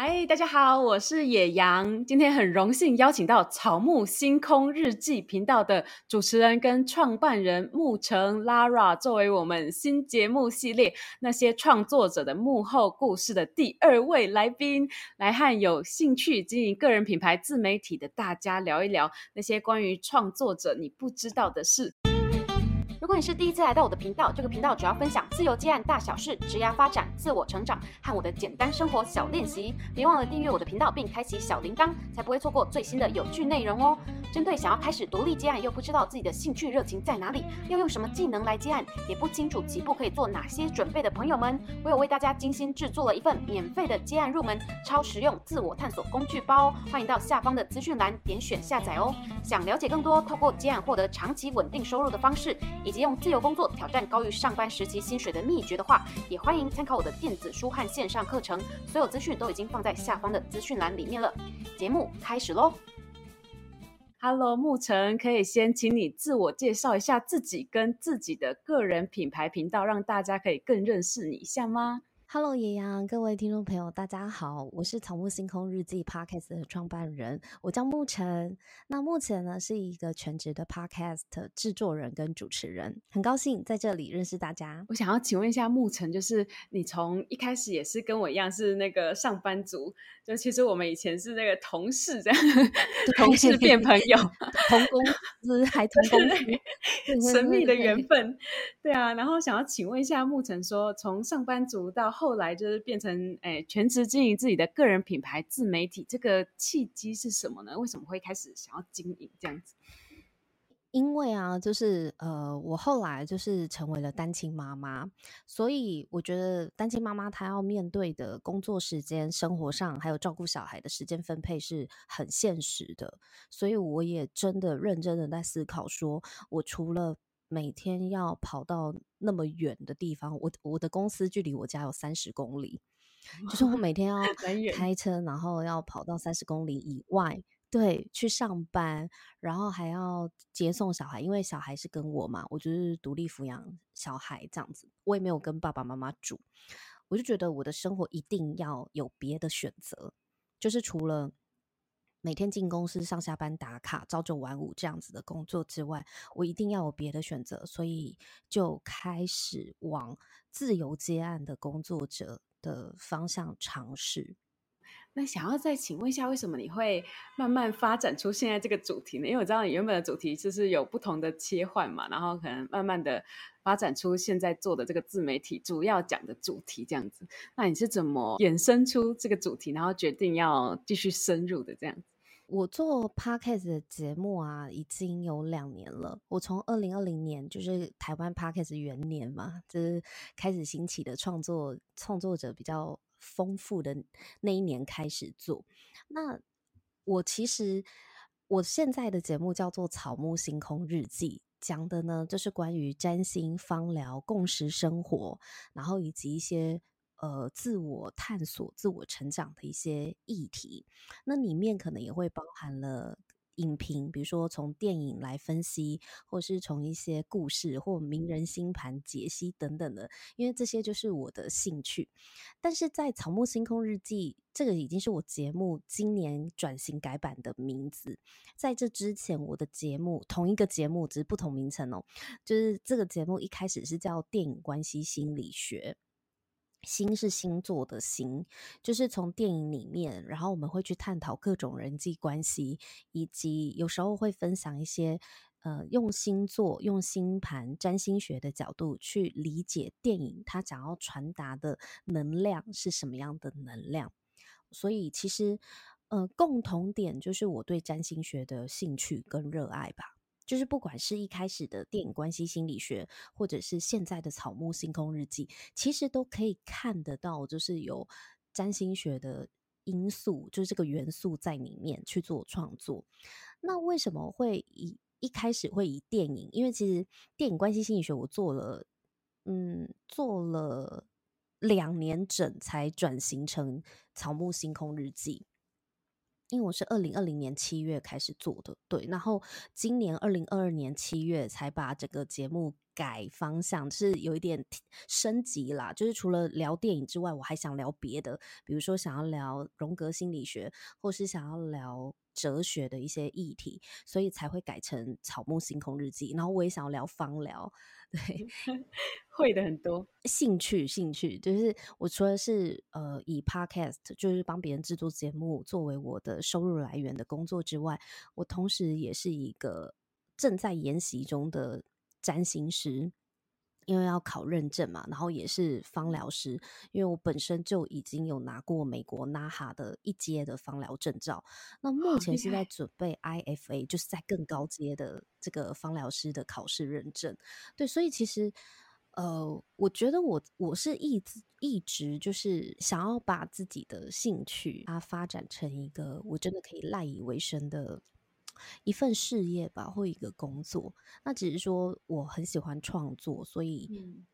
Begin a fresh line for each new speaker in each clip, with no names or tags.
嗨，Hi, 大家好，我是野羊。今天很榮幸邀請到草木星空日記頻道的主持人跟創辦人牧澄 Lara 作為我們新節目系列那些創作者的幕後故事的第二位來賓，來和有興趣經營個人品牌自媒體的大家聊一聊那些關於
創作者你不知道的事。如果你是第一次來到我的頻道，這個頻道主要分享自由接案大小事、職涯發展、自我成長和我的簡單生活小練習。別忘了訂閱我的頻道並開啟小鈴鐺，才不會錯過最新的有趣內容哦。針對想要開始獨立接案又不知道自己的興趣熱情在哪裡，要用什麼技能來接案，也不清楚起步可以做哪些準備的朋友們，我有為大家精心製作了一份免費的接案入門超實用自我探索工具包哦。歡迎到下方的資訊欄點選下載哦。想了解更多透過接案獲得長期穩定收入的方式，以及想用自由工作挑戰高於上班時期薪水的祕訣的話，也歡迎參考我的電子書和線上課程。所有資訊都已經放在下方的資訊欄裡面了。節目開始嘍！哈
嘍，牧澄，可以先請你自我介紹一下自己跟自己的個人品牌頻道，讓大家可以更認識你一下嗎？
Hello，野羊各位聽眾朋友，大家好，我是草木星空日記 Podcast 的創辦人，我叫牧澄。那牧澄呢是一個全職的 Podcast 制作人跟主持人，很高興在這裡認識大家。
我想要請問一下牧澄，就是你從一開始也是跟我一樣是那個上班族，就其實我們以前是那個同事這樣， 對 同事變朋友， 同公司就是還同公司，神秘的緣分，對啊。然後想要請問一下牧澄，說從上班族到後來就是變成誒，全職經營自己的個人品牌、自媒體，這個契機是什麼呢？為什麼會開始想要經營這樣子？
因為啊，就是呃，我後來就是成為了單親媽媽，所以我覺得單親媽媽她要面對的工作時間、生活上還有照顧小孩的時間分配是很現實的，所以我也真的認真的在思考說，說我除了。每天要跑到那麼遠的地方，我我的公司距離我家有三十公里， 就是我每天要開車，遠然後要跑到三十公里以外，對，去上班，然後還要接送小孩，因為小孩是跟我嘛，我就是獨立撫養小孩這樣子，我也沒有跟爸爸媽媽住，我就覺得我的生活一定要有別的選擇，就是除了。每天進公司上下班打卡，朝九晚五這樣子的工作之外，我一定要有別的選擇，所以就開始往自由接案的工作者的方向嘗試。
那想要再請問一下，為什麼你會慢慢發展出現在這個主題呢？因為我知道你原本的主題就是有不同的切換嘛，然後可能慢慢的發展出現在做的這個自媒體主要講的主題這樣子。那你是怎麼衍生出這個主題，然後決定要繼續深入的這樣？
我做 podcast 的節目啊，已經有兩年了。我從二零二零年，就是台灣 podcast 元年嘛，就是開始興起的創作創作者比較豐富的那一年開始做。那我其實我現在的節目叫做《草木星空日記》，講的呢就是關於占星、芳療、共識生活，然後以及一些。呃，自我探索、自我成長的一些議題，那裡面可能也會包含了影評，比如說從電影來分析，或是從一些故事或名人星盤解析等等的，因為這些就是我的興趣。但是在《草木星空日記》這個已經是我節目今年轉型改版的名字，在這之前，我的節目同一個節目只是不同名稱哦，就是這個節目一開始是叫《電影關係心理學》。星是星座的星，就是從電影裡面，然後我們會去探討各種人際關係，以及有時候會分享一些呃，用星座、用星盤、占星學的角度去理解電影，它想要傳達的能量是什麼樣的能量。所以其實，呃，共同點就是我對占星學的興趣跟熱愛吧。就是不管是一開始的電影關係心理學，或者是現在的草木星空日記，其實都可以看得到，就是有占星學的因素，就是這個元素在裡面去做創作。那為什麼會以一開始會以電影？因為其實電影關係心理學我做了，嗯，做了兩年整才轉型成草木星空日記。因為我是二零二零年七月開始做的，對，然後今年二零二二年七月才把整個節目改方向，是有一點升級啦，就是除了聊電影之外，我還想聊別的，比如說想要聊榮格心理學，或是想要聊。哲學的一些議題，所以才會改成《草木星空日記》。然後我也想要聊芳療，對， 會的很多。興趣，興趣，就是我除了是呃以 Podcast 就是幫別人製作節目作為我的收入來源的工作之外，我同時也是一個正在研習中的占星師。因為要考認證嘛，然後也是芳療師，因為我本身就已經有拿過美國 NAHA 的一階的芳療證照，那目前是在準備 IFA，Oh, okay. 就是在更高階的這個芳療師的考試認證。對，所以其實，呃，我覺得我我是一直一直就是想要把自己的興趣啊發展成一個我真的可以賴以為生的。一份事業吧，或一個工作，那只是說我很喜歡創作，所以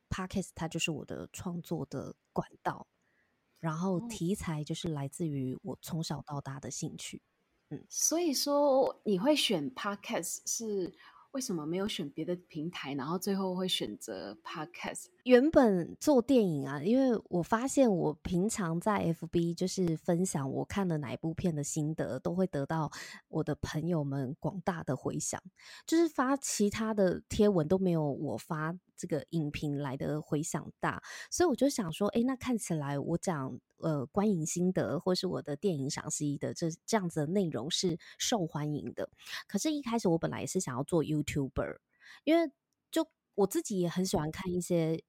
Podcast 它就是我的創作的管道，嗯，然後題材就是來自於
我從小到大的興趣，嗯，所以說你會選 Podcast 是為什麼沒有選別的平台，然後最後會選擇 Podcast？原
本做電影啊，因為我發現我平常在 FB 就是分享我看的哪一部片的心得，都會得到我的朋友們廣大的回響，就是發其他的貼文都沒有我發這個影評來的回響大，所以我就想說，哎，那看起來我講呃觀影心得或是我的電影賞析的這這樣子的內容是受歡迎的。可是，一開始我本來也是想要做 YouTuber，因為就我自己也很喜歡看一些。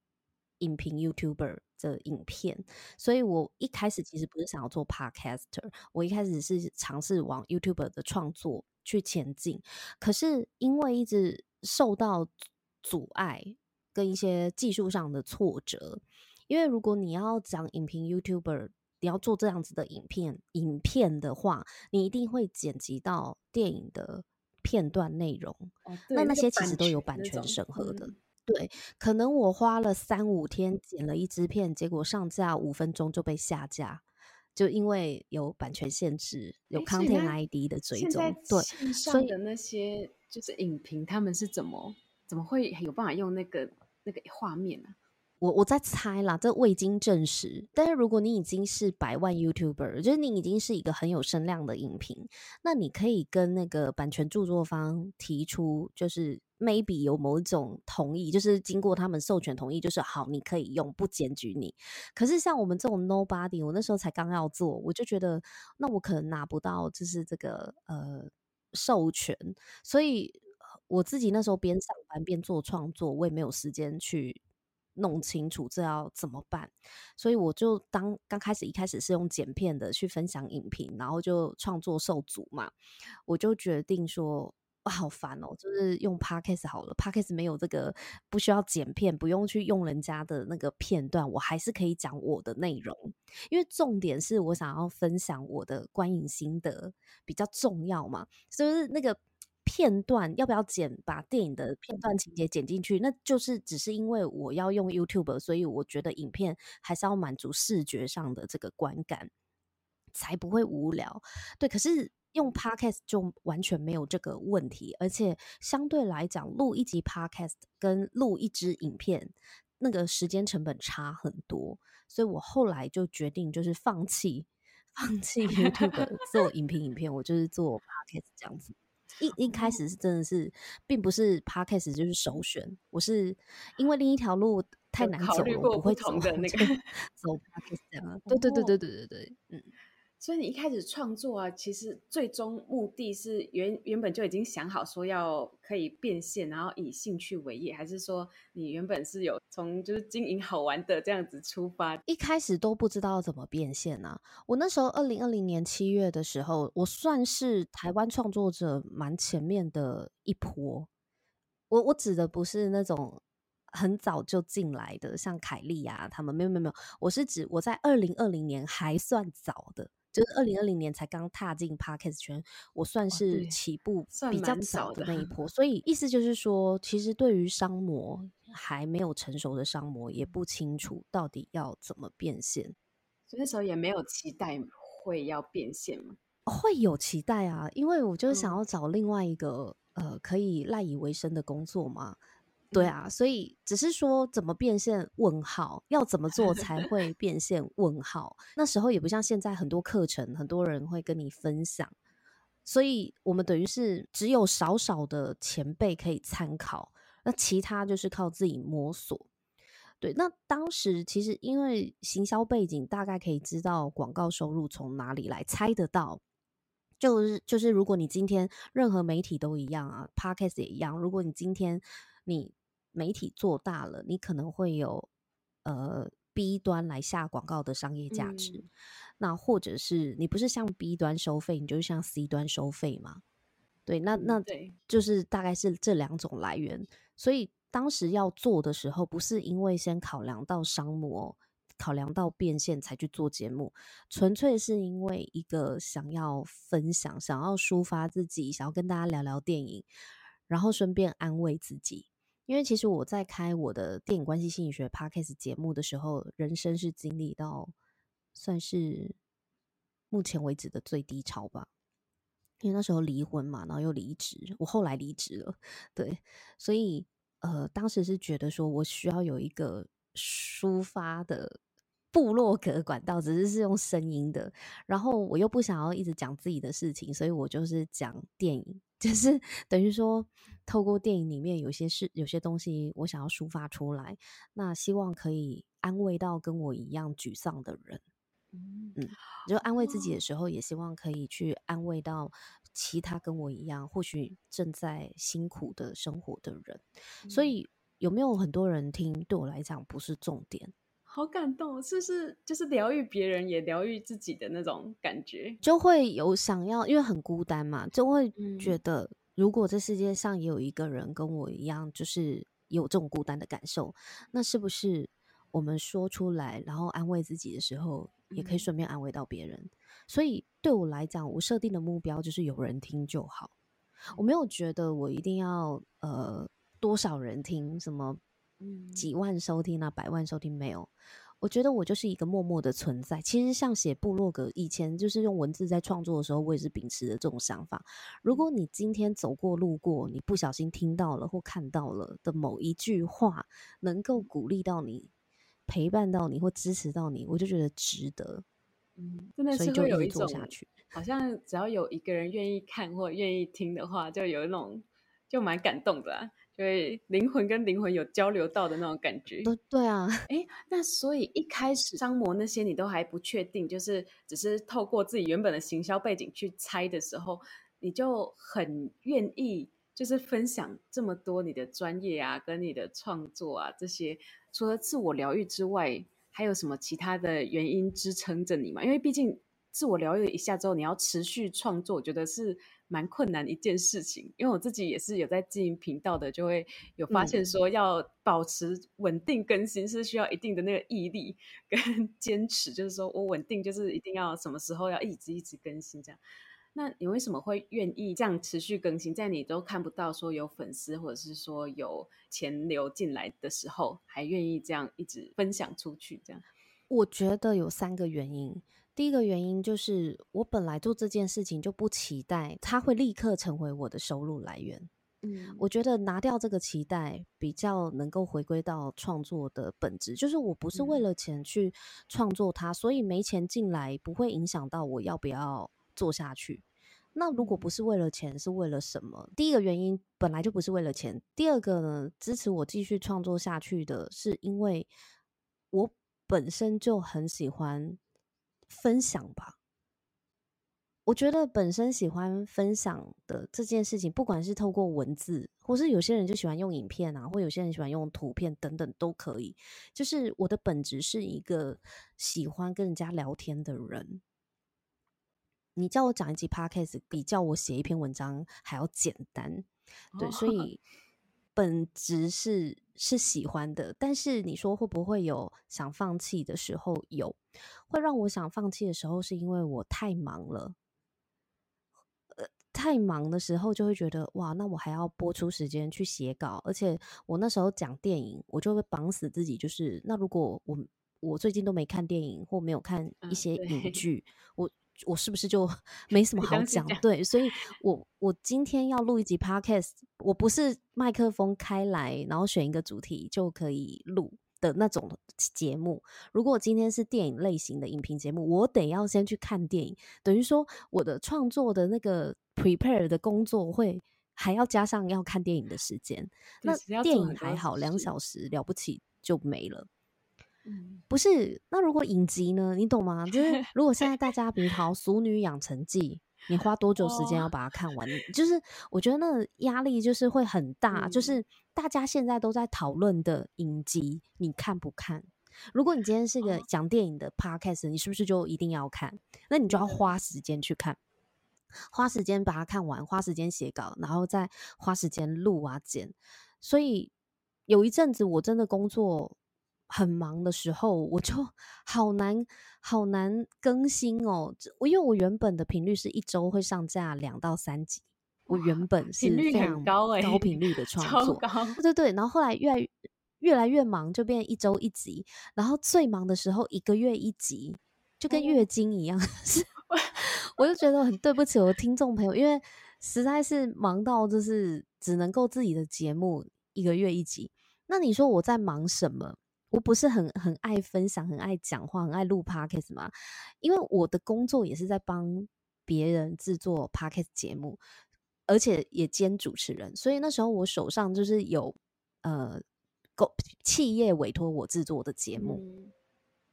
影評 YouTuber 的影片，所以我一開始其實不是想要做 Podcaster。我一開始是嘗試往 YouTuber 的創作去前進，可是因為一直受到阻礙跟一些技術上的挫折。因為如果你要講影評 YouTuber，你要做這樣子的影片影片的話，你一定會剪輯到電影的片段內容，啊、那那些其實都有版權審核的。對，可能我花了三五天剪了一支片，結果上架五分鐘就被下架，就因為有版權限制，有 content ID 的追蹤。對，所以
的那些就是影評，他們是怎麼以怎麼會有辦法用那個那個畫面呢、啊？
我我在猜啦，這未經證實。但是如果你已經是百萬 YouTuber，就是你已經是一個很有聲量的影評，那你可以跟那個版權著作方提出，就是。maybe 有某一種同意，就是經過他們授權同意，就是好，你可以用，不檢舉你。可是像我們這種 Nobody，我那時候才剛要做，我就覺得那我可能拿不到，就是這個呃授權。所以我自己那時候邊上班邊做創作，我也沒有時間去弄清楚這要怎麼辦。所以我就當剛開始一開始是用剪片的去分享影評，然後就創作受阻嘛，我就決定說。我好煩哦！就是用 podcast 好了，podcast 沒有這個不需要剪片，不用去用人家的那個片段，我還是可以講我的內容。因為重點是我想要分享我的觀影心得比較重要嘛，所以那個片段要不要剪？把電影的片段情節剪進去，那就是只是因為我要用 YouTube，所以我覺得影片還是要滿足視覺上的這個觀感，才不會無聊。對，可是。用 podcast 就完全沒有這個問題，而且相對來講，錄一集 podcast 跟錄一支影片，那個時間成本差很多，所以我後來就決定就是放棄，放棄 YouTube 做影評影片， 我就是做 podcast 這樣子。一一開始是真的是，並不是 podcast 就是首選，我是因為另一條路太難走，不我不會走那個，走 podcast 嗯，對對 對對
對對對，嗯。所以你一開始創作啊，其實最終目的是原原本就已經想好說要可以變現，然後以興趣為業，還是說你原本是有從就是經營好玩的這樣子出發？一
開始都不知道怎麼變現啊！我那時候二零二零年七月的時候，我算是台灣創作者蠻前面的一波。我我指的不是那種很早就進來的，像凱莉啊他們，沒有沒有沒有，我是指我在二零二零年還算早的。就是二零二零年才剛踏進 podcast 圈，我算是起步比較早的那一波，哦、所以意思就是說，其實對於商模還沒有成熟的商模，也不清楚到底要怎麼變現，
所以那時候也沒有期待會要變現嘛，
會有期待啊，因為我就是想要找另外一個、嗯、呃可以賴以為生的工作嘛。對啊，所以只是說怎麼變現問號，要怎麼做才會變現問號。 那時候也不像現在很多課程，很多人會跟你分享，所以我們等於是只有少少的前輩可以參考，那其他就是靠自己摸索。對，那當時其實因為行銷背景，大概可以知道廣告收入從哪裡來，猜得到。就是就是，如果你今天任何媒體都一樣啊，Podcast 也一樣，如果你今天你。媒體做大了，你可能會有呃 B 端來下廣告的商業價值，嗯、那或者是你不是向 B 端收費，你就向 C 端收費嘛？對，那那對，就是大概是這兩種來源。所以當時要做的時候，不是因為先考量到商模、考量到變現才去做節目，純粹是因為一個想要分享、想要抒發自己、想要跟大家聊聊電影，然後順便安慰自己。因為其實我在開我的電影關係心理學 podcast 節目的時候，人生是經歷到算是目前為止的最低潮吧。因為那時候離婚嘛，然後又離職，我後來離職了，對，所以呃，當時是覺得說我需要有一個抒發的。部落格管道，只是是用聲音的，然後我又不想要一直講自己的事情，所以我就是講電影，就是等於說透過電影裡面有些事、有些東西，我想要抒發出來。那希望可以安慰到跟我一樣沮喪的人，嗯，棒就安慰自己的時候，也希望可以去安慰到其他跟我一樣或許正在辛苦的生活的人。嗯、所以有沒有很多人聽？對我來講不是重點。
好感動，是不是就是療癒別人也療癒自己的那種感覺？
就會有想要，因為很孤單嘛，就會覺得，如果這世界上也有一個人跟我一樣，就是有這種孤單的感受，那是不是我們說出來，然後安慰自己的時候，也可以順便安慰到別人？嗯，所以對我來講，我設定的目標就是有人聽就好，我沒有覺得我一定要呃多少人聽什麼。嗯，幾萬收聽啊，百萬收聽沒有？我覺得我就是一個默默的存在。其實像寫部落格，以前就是用文字在創作的時候，我也是秉持着這種想法。如果你今天走過路過，你不小心聽到了或看到了的某一句話，能夠鼓勵到你、陪伴到你或支持到你，我就覺得值得。
嗯，真的是會有一直做下去。好像只要有一個人願意看或願意聽的話，就有一種。就蠻感動的啊，就是靈魂跟靈魂有交流到的那種感覺。對啊，哎，那所以一開始商模那些你都還不確定，就是只是透過自己原本的行銷背景去猜的時候，你就很願意就是分享這麼多你的專業啊，跟你的創作啊這些。除了自我療癒之外，還有什麼其他的原因支撐着你嗎？因為畢竟自我療癒一下之後，你要持續創作，我覺得是蠻困難一件事情，因為我自己也是有在經營頻道的，就會有發現說，要保持穩定更新、嗯、是需要一定的那個毅力跟堅持。就是說我穩定，就是一定要什麼時候要一直一直更新這樣。那你為什麼會願意這樣持續更新，在你都看不到說有粉絲或者是說有錢流進來的時候，還願意這樣一直分享出去這樣？
我覺得有三個原因。第一個原因就是，我本來做這件事情就不期待它會立刻成為我的收入來源。嗯，我覺得拿掉這個期待，比較能夠回歸到創作的本質，就是我不是為了錢去創作它，所以沒錢進來不會影響到我要不要做下去。那如果不是為了錢，是為了什麼？第一個原因本來就不是為了錢，第二個呢，支持我繼續創作下去的是因為我本身就很喜歡。分享吧，我覺得本身喜歡分享的這件事情，不管是透過文字，或是有些人就喜歡用影片啊，或有些人喜歡用圖片等等都可以。就是我的本質是一個喜歡跟人家聊天的人，你叫我講一集 Podcast 比叫我寫一篇文章還要簡單，oh. 對，所以。本質是是喜歡的，但是你說會不會有想放棄的時候？有，會讓我想放棄的時候，是因為我太忙了。呃，太忙的時候就會覺得哇，那我還要撥出時間去寫稿，而且我那時候講電影，我就會綁死自己，就是那如果我我最近都沒看電影或沒有看一些影劇，啊、我。我是不是就沒什麼好講？對， 所以我我今天要錄一集 podcast，我不是麥克風開來，然後選一個主題就可以錄的那種節目。如果今天是電影類型的影評節目，我得要先去看電影，等於說我的創作的那個 prepare 的工作會還要加上要看電影的時間。那電影還好，兩小時了不起就沒了。嗯、不是，那如果影集呢？你懂嗎？就是如果現在大家，比如《好俗女養成記》，你花多久時間要把它看完？哦、就是我覺得那個壓力就是會很大。嗯、就是大家現在都在討論的影集，你看不看？如果你今天是個講電影的 podcast、哦、你是不是就一定要看？那你就要花時間去看，花時間把它看完，花時間寫稿，然後再花時間錄啊剪。所以有一陣子，我真的工作。很忙的時候，我就好難好難更新哦。我因為我原本的頻率是一周會上架兩到三集，哇我原本頻率，率很高誒、欸，高頻率的創作。對對對，然後後來越越來越忙，就變一周一集，然後最忙的時候一個月一集，就跟月經一樣。是、哎呀， 我就覺得很對不起我的聽眾朋友，因為實在是忙到就是只能夠自己的節目一個月一集。那你說我在忙什麼？我不是很很愛分享，很愛講話，很愛錄 Podcast 嗎？因為我的工作也是在幫別人制作 Podcast 節目，而且也兼主持人，所以那時候我手上就是有呃，公企業委托我制作的節目，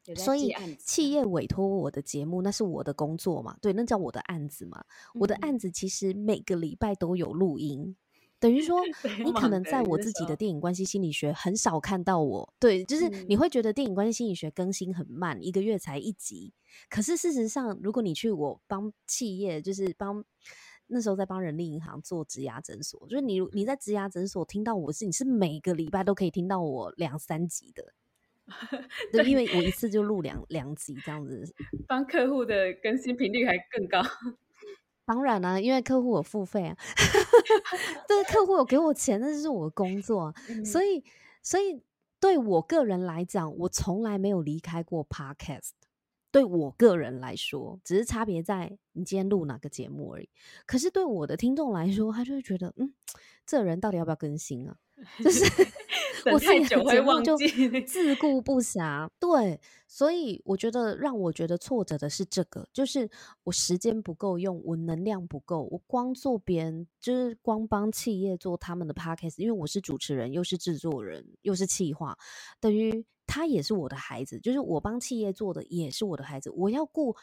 嗯、所以企業委托我的節目，那是我的工作嘛，對，那叫我的案子嘛。嗯、我的案子其實每個禮拜都有錄音。等於說，你可能在我自己的電影關係心理學很少看到我，對，就是你會覺得電影關係心理學更新很慢，一個月才一集。可是事實上，如果你去我幫企業，就是幫那時候在幫人力銀行做職涯診所，就是你你在職涯診所聽到我是，你是每個禮拜都可以聽到我兩三集的，
對，因為我一
次就錄兩兩集這樣子，
幫客戶的更新頻率還更高。
當然了、啊，因為客戶有付費啊，
這 個客戶有給我
錢，那就是我的工作，嗯、所以，所以對我個人來講，我從來沒有離開過 Podcast。對我個人來說，只是差別在你今天錄哪個節目而已。可是對我的聽眾來說，他就會覺得，嗯，這人到底要不要更新啊？就是我 太久會忘記， 自顧不暇。 對，所以我覺得讓我覺得挫折的是這個，就是我時間不夠用，我能量不夠，我光做別人，就是光幫企業做他們的 podcast，因為我是主持人，又是製作人，又是企劃，等於他也是我的孩子，就是我幫企業做的也是我的孩子，我要顧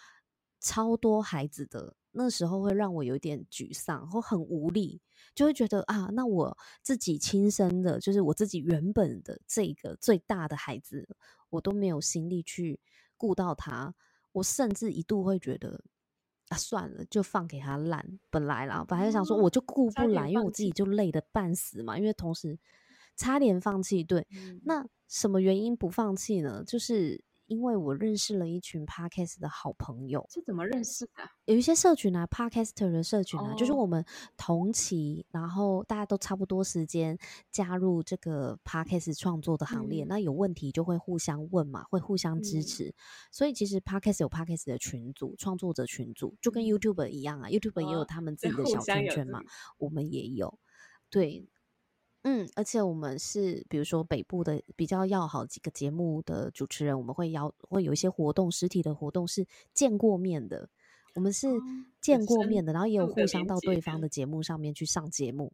超多孩子的。那時候會讓我有點沮喪，或很無力，就會覺得啊，那我自己親生的，就是我自己原本的這個最大的孩子，我都沒有心力去顧到他，我甚至一度會覺得啊，算了，就放給他爛。本來啦，本來就想說我就顧不來，因為我自己就累得半死嘛，因為同時差點放棄。對，嗯。那什麼原因不放棄呢？就是。因為我認識了一群 Podcast 的好朋友。是怎麼認識的？有一些社群啊，Podcaster 的社群啊，哦、就是我們同期，然後大家都差不多時間加入這個 Podcast 創作的行列，嗯、那有問題就會互相問嘛，會互相支持。嗯、所以其實 Podcast 有 Podcast 的群組，創作者群組就跟 YouTube 一樣啊，YouTube 也有他們自己的小圈圈嘛，我們也有，對。嗯，而且我們是比如說北部的比較要好幾個節目的主持人，我們會邀、會有一些活動，實體的活動是見過面的，我們是見過面的，然後也有互相到對方的節目上面去上節目。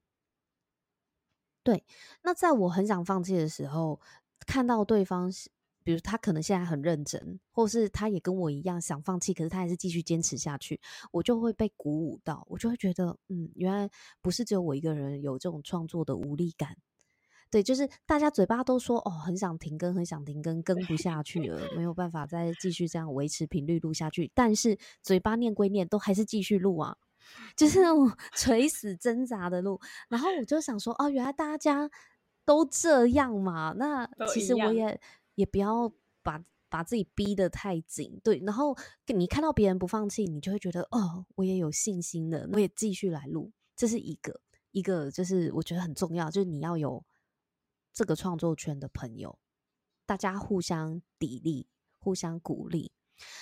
對，那在我很想放棄的時候，看到對方。比如他可能現在很認真，或是他也跟我一樣想放棄，可是他還是繼續堅持下去，我就會被鼓舞到，我就會覺得，嗯，原來不是只有我一個人有這種創作的無力感，對，就是大家嘴巴都說，哦，很想停更，很想停更，更不下去了，沒有辦法再繼續這樣維持頻率錄下去，但是嘴巴念歸念，都還是繼續錄啊，就是那種垂死掙扎的錄，然後我就想說，哦，原來大家都這樣嘛，那其實我也。也不要把把自己逼得太緊，對。然後你看到別人不放棄，你就會覺得哦，我也有信心的，我也繼續來錄。這是一個，一個就是我覺得很重要，就是你要有這個創作圈的朋友，大家互相砥礪，互相鼓勵。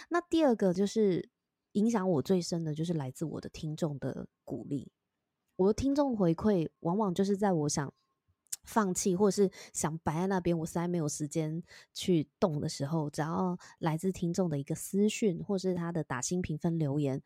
那第二個就是影響我最深的，就是來自我的聽眾的鼓勵。我的聽眾回饋往往就是在我想。放棄，或者是想擺在那邊，我實在沒有時間去動的時候，只要來自聽眾的一個私訊，或是他的打新評分留言，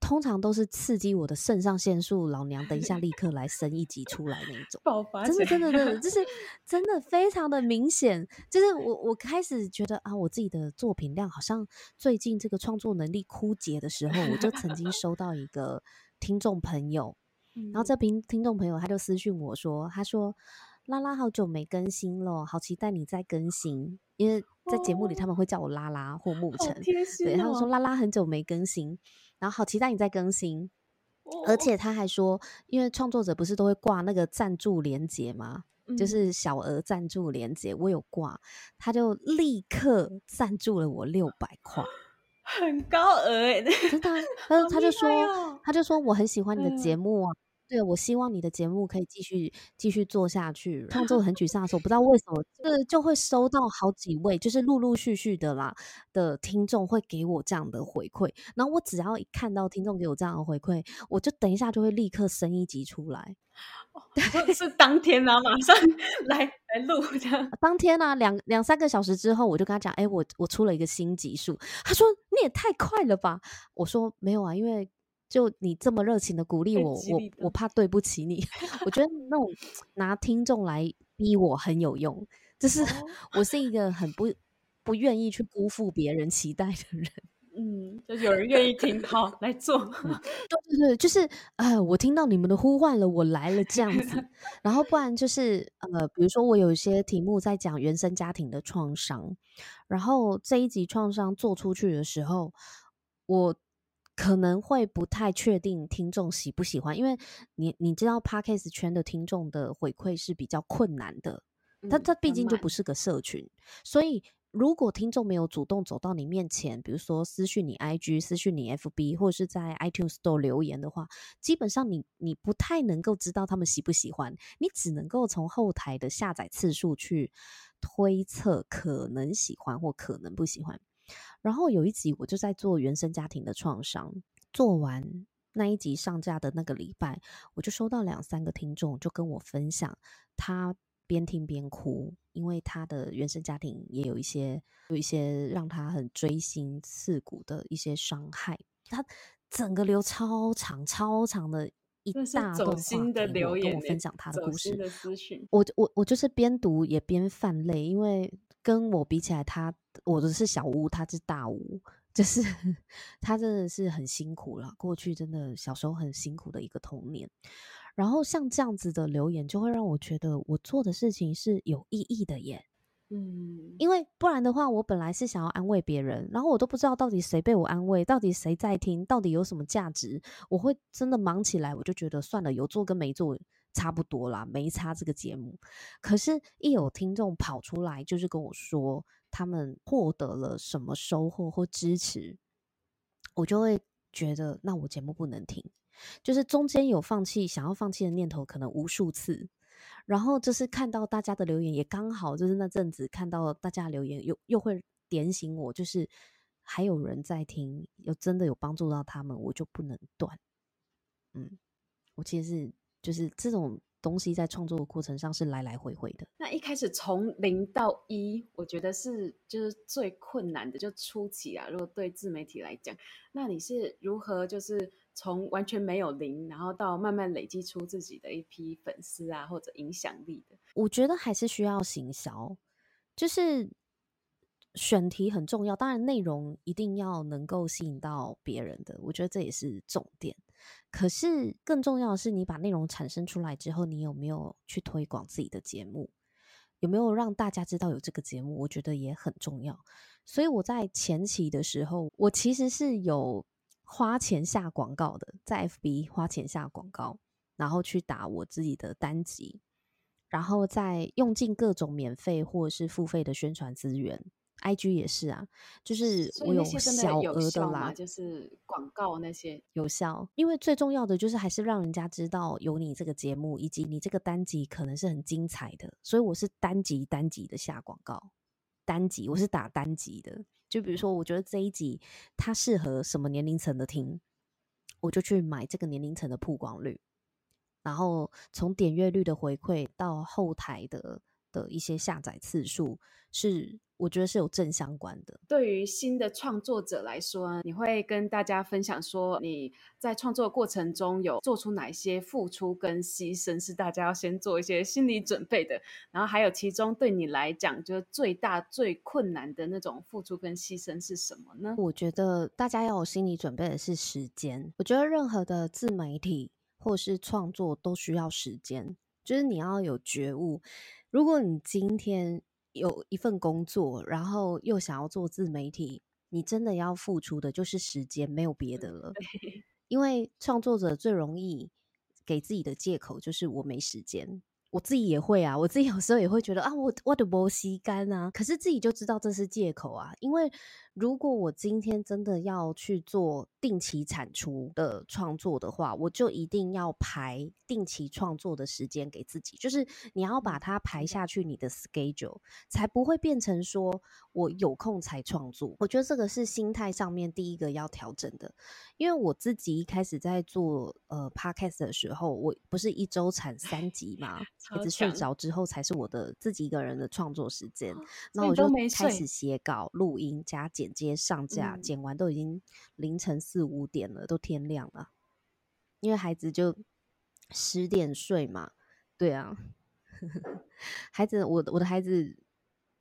通常都是刺激我的腎上腺素。老娘等一下立刻來生一集出來那種，
爆真的真的真的，就
是真的非常的明顯。就是我我開始覺得啊，我自己的作品量好像最近這個創作能力枯竭的時候，我就曾經收到一個聽眾朋友。然後這邊聽眾朋友他就私訊我說，他說，拉拉好久沒更新了，好期待你再更新。因為在節目裡他們會叫我拉拉或牧澄，哦哦、對，他們說拉拉很久沒更新,然後好期待你再更新。哦、而且他還說，因為創作者不是都會掛那個贊助連結嗎？嗯、就是小額贊助連結，我有掛，他就立刻贊助了我六百塊。
很高額，真的。但是他 他就說，好好啊，
他就說我很喜歡你的節目啊。嗯對，我希望你的節目可以繼續繼續做下去。創作很沮喪的時候， 不知道為什麼，就是就會收到好幾位，就是陸陸續續的啦的聽眾會給我這樣的回饋。然後我只要一看到聽眾給我這樣的回饋，我就等一下就會立刻生一集出來，
哦、對是當
天啊，馬上 來來錄。當天啊，兩兩三個小時之後，我就跟他講，哎，我我出了一個新集數。他說你也太快了吧？我說沒有啊，因為。就你這麼熱情的鼓勵我，我我怕對不起你。我覺得那種拿聽眾來逼我很有用， 就是我是一個很不不願意去辜負別人期待的人。
嗯，就有人願意聽， 好來做。
對、嗯、就，就是、呃、我聽到你們的呼喚了，我來了這樣子。然後不然就是呃，比如說我有一些題目在講原生家庭的創傷，然後這一集創傷做出去的時候，我。可能會不太確定聽眾喜不喜歡，因為你你知道，Podcast 圈的聽眾的回饋是比較困難的。他他畢竟就不是個社群，嗯、所以如果聽眾沒有主動走到你面前，比如說私訊你 IG、私訊你 FB，或者是在 iTunes Store 留言的話，基本上你你不太能夠知道他們喜不喜歡，你只能夠從後台的下載次數去推測可能喜歡或可能不喜歡。然後有一集，我就在做原生家庭的創傷，做完那一集上架的那個禮拜，我就收到兩三個聽眾，就跟我分享，他邊聽邊哭，因為他的原生家庭也有一些有一些讓他很錐心刺骨的一些傷害，他整個留超長超長的
一大段話給我，跟我分享他的故事。我
我我就是邊讀也邊泛淚，因為。跟我比起來他，他我的是小巫，他是大巫，就是 他真的是很辛苦了。過去真的小時候很辛苦的一個童年，然後像這樣子的留言，就會讓我覺得我做的事情是有意義的耶。嗯，因為不然的話，我本來是想要安慰別人，然後我都不知道到底誰被我安慰，到底誰在聽，到底有什麼價值，我會真的忙起來，我就覺得算了，有做跟沒做差不多啦，沒差這個節目。可是，一有聽眾跑出來，就是跟我說他們獲得了什麼收穫或支持，我就會覺得，那我節目不能停。就是中間有放棄想要放棄的念頭，可能無數次。然後就是看到大家的留言，也剛好就是那陣子看到大家留言，又又會點醒我，就是還有人在聽，有真的有幫助到他們，我就不能斷。嗯，我其實。就是這種東西在創作的過程上是來來回回的。
那一開始從零到一，我覺得是就是最困難的，就初期啊。如果對自媒體來講，那你是如何就是從完全沒有零，然後到慢慢累積出自己的一批粉絲啊，或者影響力的？
我覺得還是需要行銷，就是，選題很重要，當然內容一定要能夠吸引到別人的，我覺得這也是重點。可是更重要的是，你把內容產生出來之後，你有沒有去推廣自己的節目？有沒有讓大家知道有這個節目？我覺得也很重要。所以我在前期的時候，我其實是有花錢下廣告的，在 FB 花錢下廣告，然後去打我自己的單集，然後再用盡各種免費或是付費的宣傳資源。IG 也是啊，就是我有小額的啦的有效，就
是廣告那些
有效，因為最重要的就是還是讓人家知道有你這個節目，以及你這個單集可能是很精彩的，所以我是單集單集的下廣告，單集我是打單集的，就比如說我覺得這一集它適合什麼年齡層的聽，我就去買這個年齡層的曝光率，然後從點閱率的回饋到後台的的一些下載次數是。我覺得是有正相關的。
對於新的創作者來說，你會跟大家分享說你在創作過程中有做出哪些付出跟犧牲，是大家要先做一些心理準備的。然後還有其中對你來講就是最大最困難的那種付出跟犧牲是什麼呢？
我覺得大家要有心理準備的是時間。我覺得任何的自媒體或是創作都需要時間，就是你要有覺悟。如果你今天有一份工作，然後又想要做自媒體，你真的要付出的就是時間，沒有別的
了。
因為創作者最容易給自己的借口就是我沒時間，我自己也會啊，我自己有時候也會覺得啊，我我的沒時間啊，可是自己就知道這是借口啊，因為。如果我今天真的要去做定期產出的創作的話，我就一定要排定期創作的時間給自己，就是你要把它排下去，你的 schedule 才不會變成說我有空才創作。嗯、我覺得這個是心態上面第一個要調整的，因為我自己一開始在做呃 podcast 的時候，我不是一周產三集嘛，超強，一直睡着之後才是我的自己一個人的創作時間，那、哦、我就開始寫稿、錄音加、加剪。直接上架，剪完都已經凌晨四五點了，都天亮了。因為孩子就十點睡嘛，對啊， 孩子我我的孩子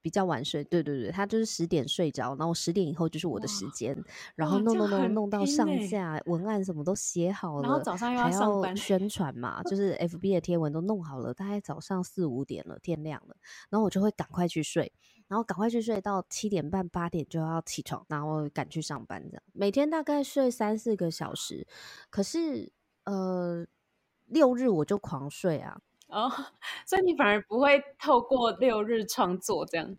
比較晚睡，對對對，他就是十點睡着，然後十點以後就是我的時間，哇然後弄弄弄弄到上架文案什麼都寫好了，然後早上又要上班還要宣傳嘛， 就是 FB 的貼文都弄好了，大概早上四五點了，天亮了，然後我就會趕快去睡。然後趕快去睡，到七點半八點就要起床，然後趕去上班這樣。每天大概睡三四個小時，可是呃六日我就狂睡啊。
哦，所以你反而不會透過六日創作這樣。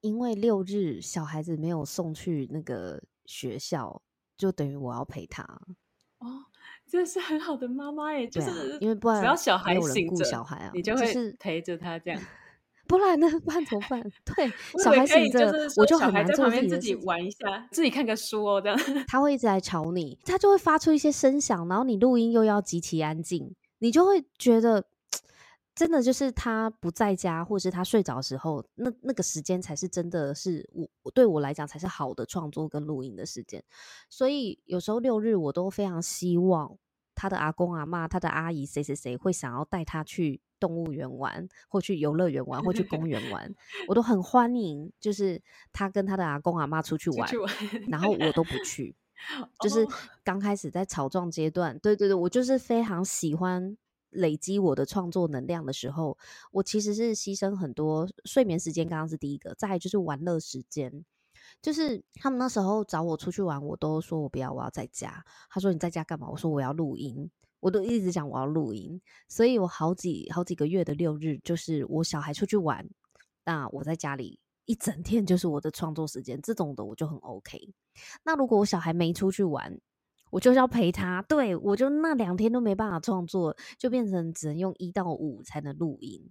因為六
日小孩子沒有送去那個學校，就等於我要陪他。
哦，這是很好的媽媽也就是因為不然只要小孩醒着，你就會陪着他這樣。不然呢？那怎麼辦 對，小孩醒着，就是我就很難做。旁邊自己玩一下，自己看個書哦，這樣
他會一直來吵你，他就會發出一些聲響，然後你錄音又要極其安靜，你就會覺得真的就是他不在家，或者是他睡着的時候，那那個時間才是真的是我對我來講才是好的創作跟錄音的時間。所以有時候六日我都非常希望。他的阿公阿媽、他的阿姨誰誰誰會想要帶他去動物園玩，或去遊樂園玩，或去公園玩， 我都很歡迎。就是他跟他的阿公阿媽出去玩，去玩然後我都不去。 就是剛開始在草創階段，對對對，我就是非常喜歡累積我的創作能量的時候，我其實是犧牲很多睡眠時間。剛剛是第一個，再來就是玩樂時間。就是他們那時候找我出去玩，我都說我不要，我要在家。他說你在家幹嘛？我說我要錄音。我都一直講我要錄音，所以我好幾好幾個月的六日，就是我小孩出去玩，那我在家裡一整天就是我的創作時間。這種的我就很 OK。那如果我小孩沒出去玩，我就是要陪他，對，我就那兩天都沒辦法創作，就變成只能用一到五才能錄音。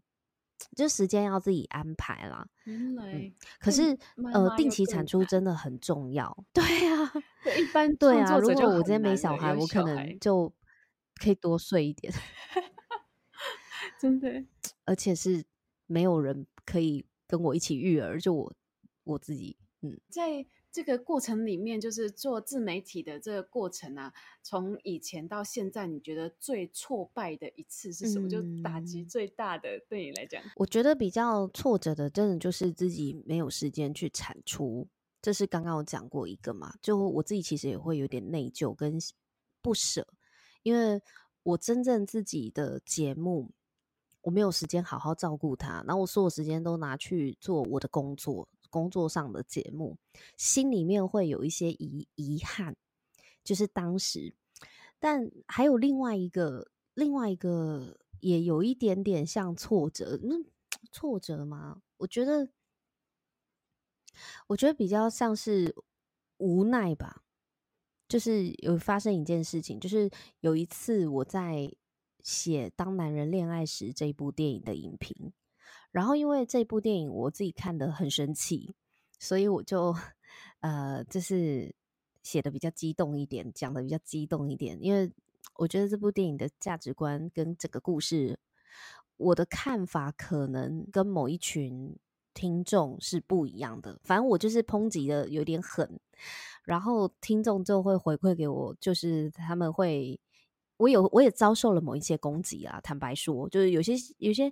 就時間要自己安排啦，來嗯、
可是、嗯、蠻蠻蠻呃，定期產
出真的很重要，蠻蠻
蠻對呀、啊， 一般對啊， 如果我今天沒
小孩， 我可能就可以多睡一點，
真的，
而且是沒有人可以跟我一起育兒，就我我自己，嗯，
在。這個過程裡面，就是做自媒體的這個過程啊，從以前到現在，你覺得最挫敗的一次是什麼？就打擊最大的對你來講，嗯，
我覺得比較挫折的，真的就是自己沒有時間去產出，這是剛剛我講過一個嘛，就我自己其實也會有點內疚跟不捨，因為我真正自己的節目，我沒有時間好好照顧它，然後我所有時間都拿去做我的工作。工作上的節目，心裡面會有一些遺遺憾就是當時，但還有另外一個另外一個，也有一點點像挫折，那、嗯、挫折嗎？我覺得，我覺得比較像是無奈吧。就是有發生一件事情，就是有一次我在寫《當男人戀愛時》這部電影的影評。然後，因為這部電影我自己看得很生氣，所以我就呃，就是寫的比較激動一點，講的比較激動一點。因為我覺得這部電影的價值觀跟整個故事，我的看法可能跟某一群聽眾是不一樣的。反正我就是抨擊的有點狠，然後聽眾就會回饋給我，就是他們會，我有我也遭受了某一些攻擊啊。坦白說，就是有些有些。有些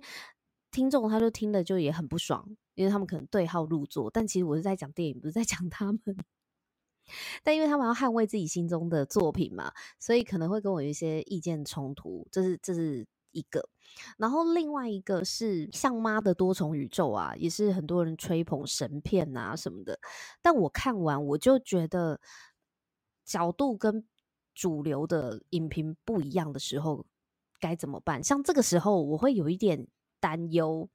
聽眾他就聽了就也很不爽，因為他們可能對號入座，但其實我是在講電影，不是在講他們。但因為他們要捍衛自己心中的作品嘛，所以可能會跟我有一些意見衝突，這是這是一個。然後另外一個是像《媽的多重宇宙》啊，也是很多人吹捧神片啊什麼的，但我看完我就覺得，角度跟主流的影評不一樣的時候該怎麼辦？像這個時候，我會有一點。擔憂，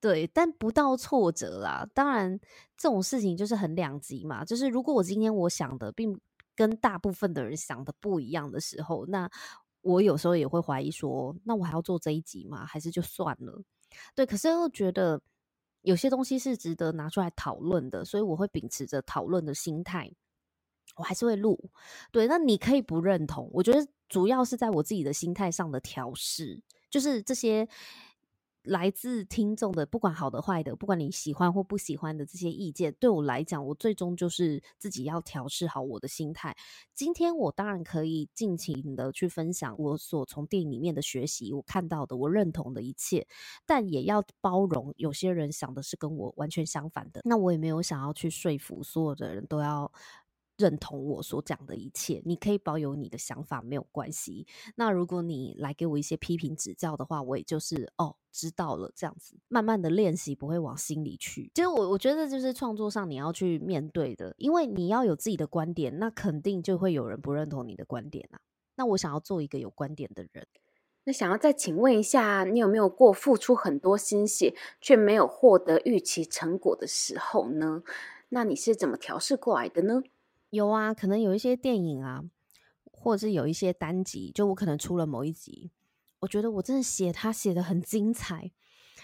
對，但不到挫折啦、啊。當然，這種事情就是很兩極嘛。就是如果我今天我想的並跟大部分的人想的不一樣的時候，那我有時候也會懷疑說，那我還要做這一集嗎？還是就算了？對，可是又覺得有些東西是值得拿出來討論的，所以我會秉持着討論的心態，我還是會錄。對，那你可以不認同，我覺得主要是在我自己的心態上的調適，就是這些來自聽眾的，不管好的壞的，不管你喜歡或不喜歡的這些意見，對我來講，我最終就是自己要調試好我的心態。今天我當然可以盡情的去分享我所從電影裡面的學習，我看到的，我認同的一切，但也要包容有些人想的是跟我完全相反的。那我也沒有想要去說服所有的人都要。認同我所講的一切，你可以保有你的想法沒有關係。那如果你來給我一些批評指教的話，我也就是哦知道了這樣子，慢慢的練習不會往心裡去。其實我我覺得就是創作上你要去面對的，因為你要有自己的觀點，那肯定就會有人不認同你的觀點啊。
那我想要做一個有觀點的人。那想要再請問一下，你有沒有過付出很多心血卻沒有獲得預期成果的時候呢？那你是怎麼調適過來的呢？有啊，可能有一些電影啊，或者
是有一些單集，就我可能出了某一集，我覺得我真的寫他寫的很精彩，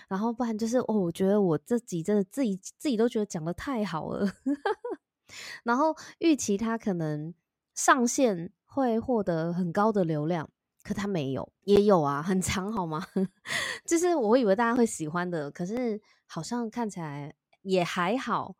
然後不然就是哦，我覺得我自己真的自己自己都覺得講的太好了， 然後預期他可能上線會獲得很高的流量，可他沒有，也有啊，很長好嗎？ 就是我以為大家會喜歡的，可是好像看起來也還好。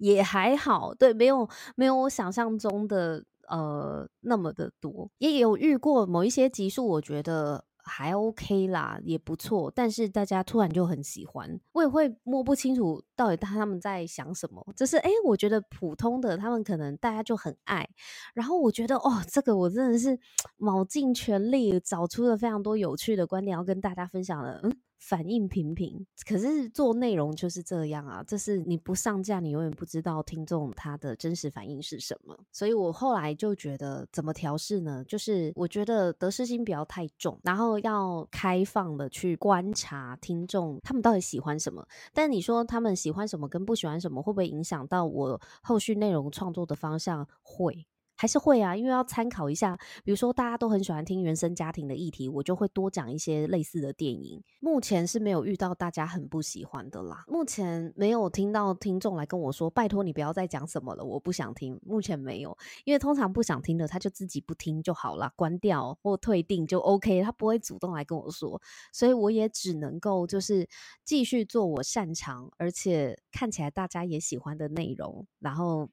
也還好，對，沒有沒有我想象中的呃那麼的多，也有遇過某一些集數，我覺得還 OK 啦，也不錯。但是大家突然就很喜歡，我也會摸不清楚到底他們在想什麼。只是誒、欸、我覺得普通的他們可能大家就很愛，然後我覺得哦，這個我真的是卯盡全力找出了非常多有趣的觀點要跟大家分享了。嗯反應平平，可是做內容就是這樣啊，就是你不上架，你永遠不知道聽眾他的真實反應是什麼。所以我後來就覺得，怎麼調試呢？就是我覺得得失心不要太重，然後要開放的去觀察聽眾，他們到底喜歡什麼。但你說他們喜歡什麼跟不喜歡什麼，會不會影響到我後續內容創作的方向？會。還是會啊，因為要參考一下，比如說大家都很喜歡聽原生家庭的議題，我就會多講一些類似的電影。目前是沒有遇到大家很不喜歡的啦，目前沒有聽到聽眾來跟我說“拜托你不要再講什麼了，我不想聽”。目前沒有，因為通常不想聽的他就自己不聽就好啦。關掉或退訂就 OK，他不會主動來跟我說，所以我也只能夠就是繼續做我擅長，而且看起來大家也喜歡的內容，
然後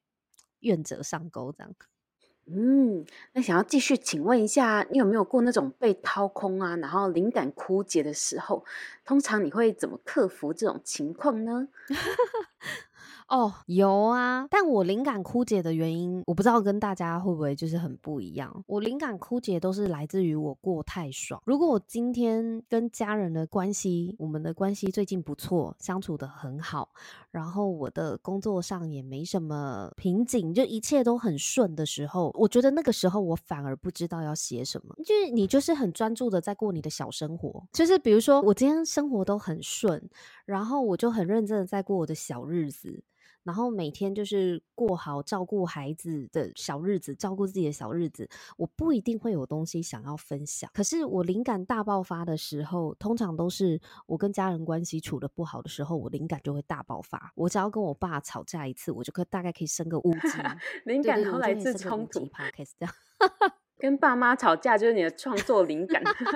願者上鈎這樣。嗯，那想要繼續請問一下，你有沒有過那種被掏空啊，然後靈感枯竭的時候，通常你會怎麼克服這種情況呢？ 哦，有啊，
但我靈感枯竭的原因，我不知道跟大家會不會就是很不一樣。我靈感枯竭都是來自於我過太爽。如果我今天跟家人的關係，我們的關係最近不錯，相處得很好，然後我的工作上也沒什麼瓶頸，就一切都很順的時候，我覺得那個時候我反而不知道要寫什麼。就是你就是很專注的在過你的小生活。就是比如說我今天生活都很順，然後我就很認真的在過我的小日子。然後每天就是過好照顧孩子的小日子，照顧自己的小日子。我不一定會有東西想要分享，可是我靈感大爆發的時候，通常都是我跟家人關係處得不好的時候，我靈感就會大爆發。我只要跟我爸吵架一次，我就可以大概可以生個五集。
靈感都來自衝突，對對，這樣。跟爸媽吵架就是你的創作靈感。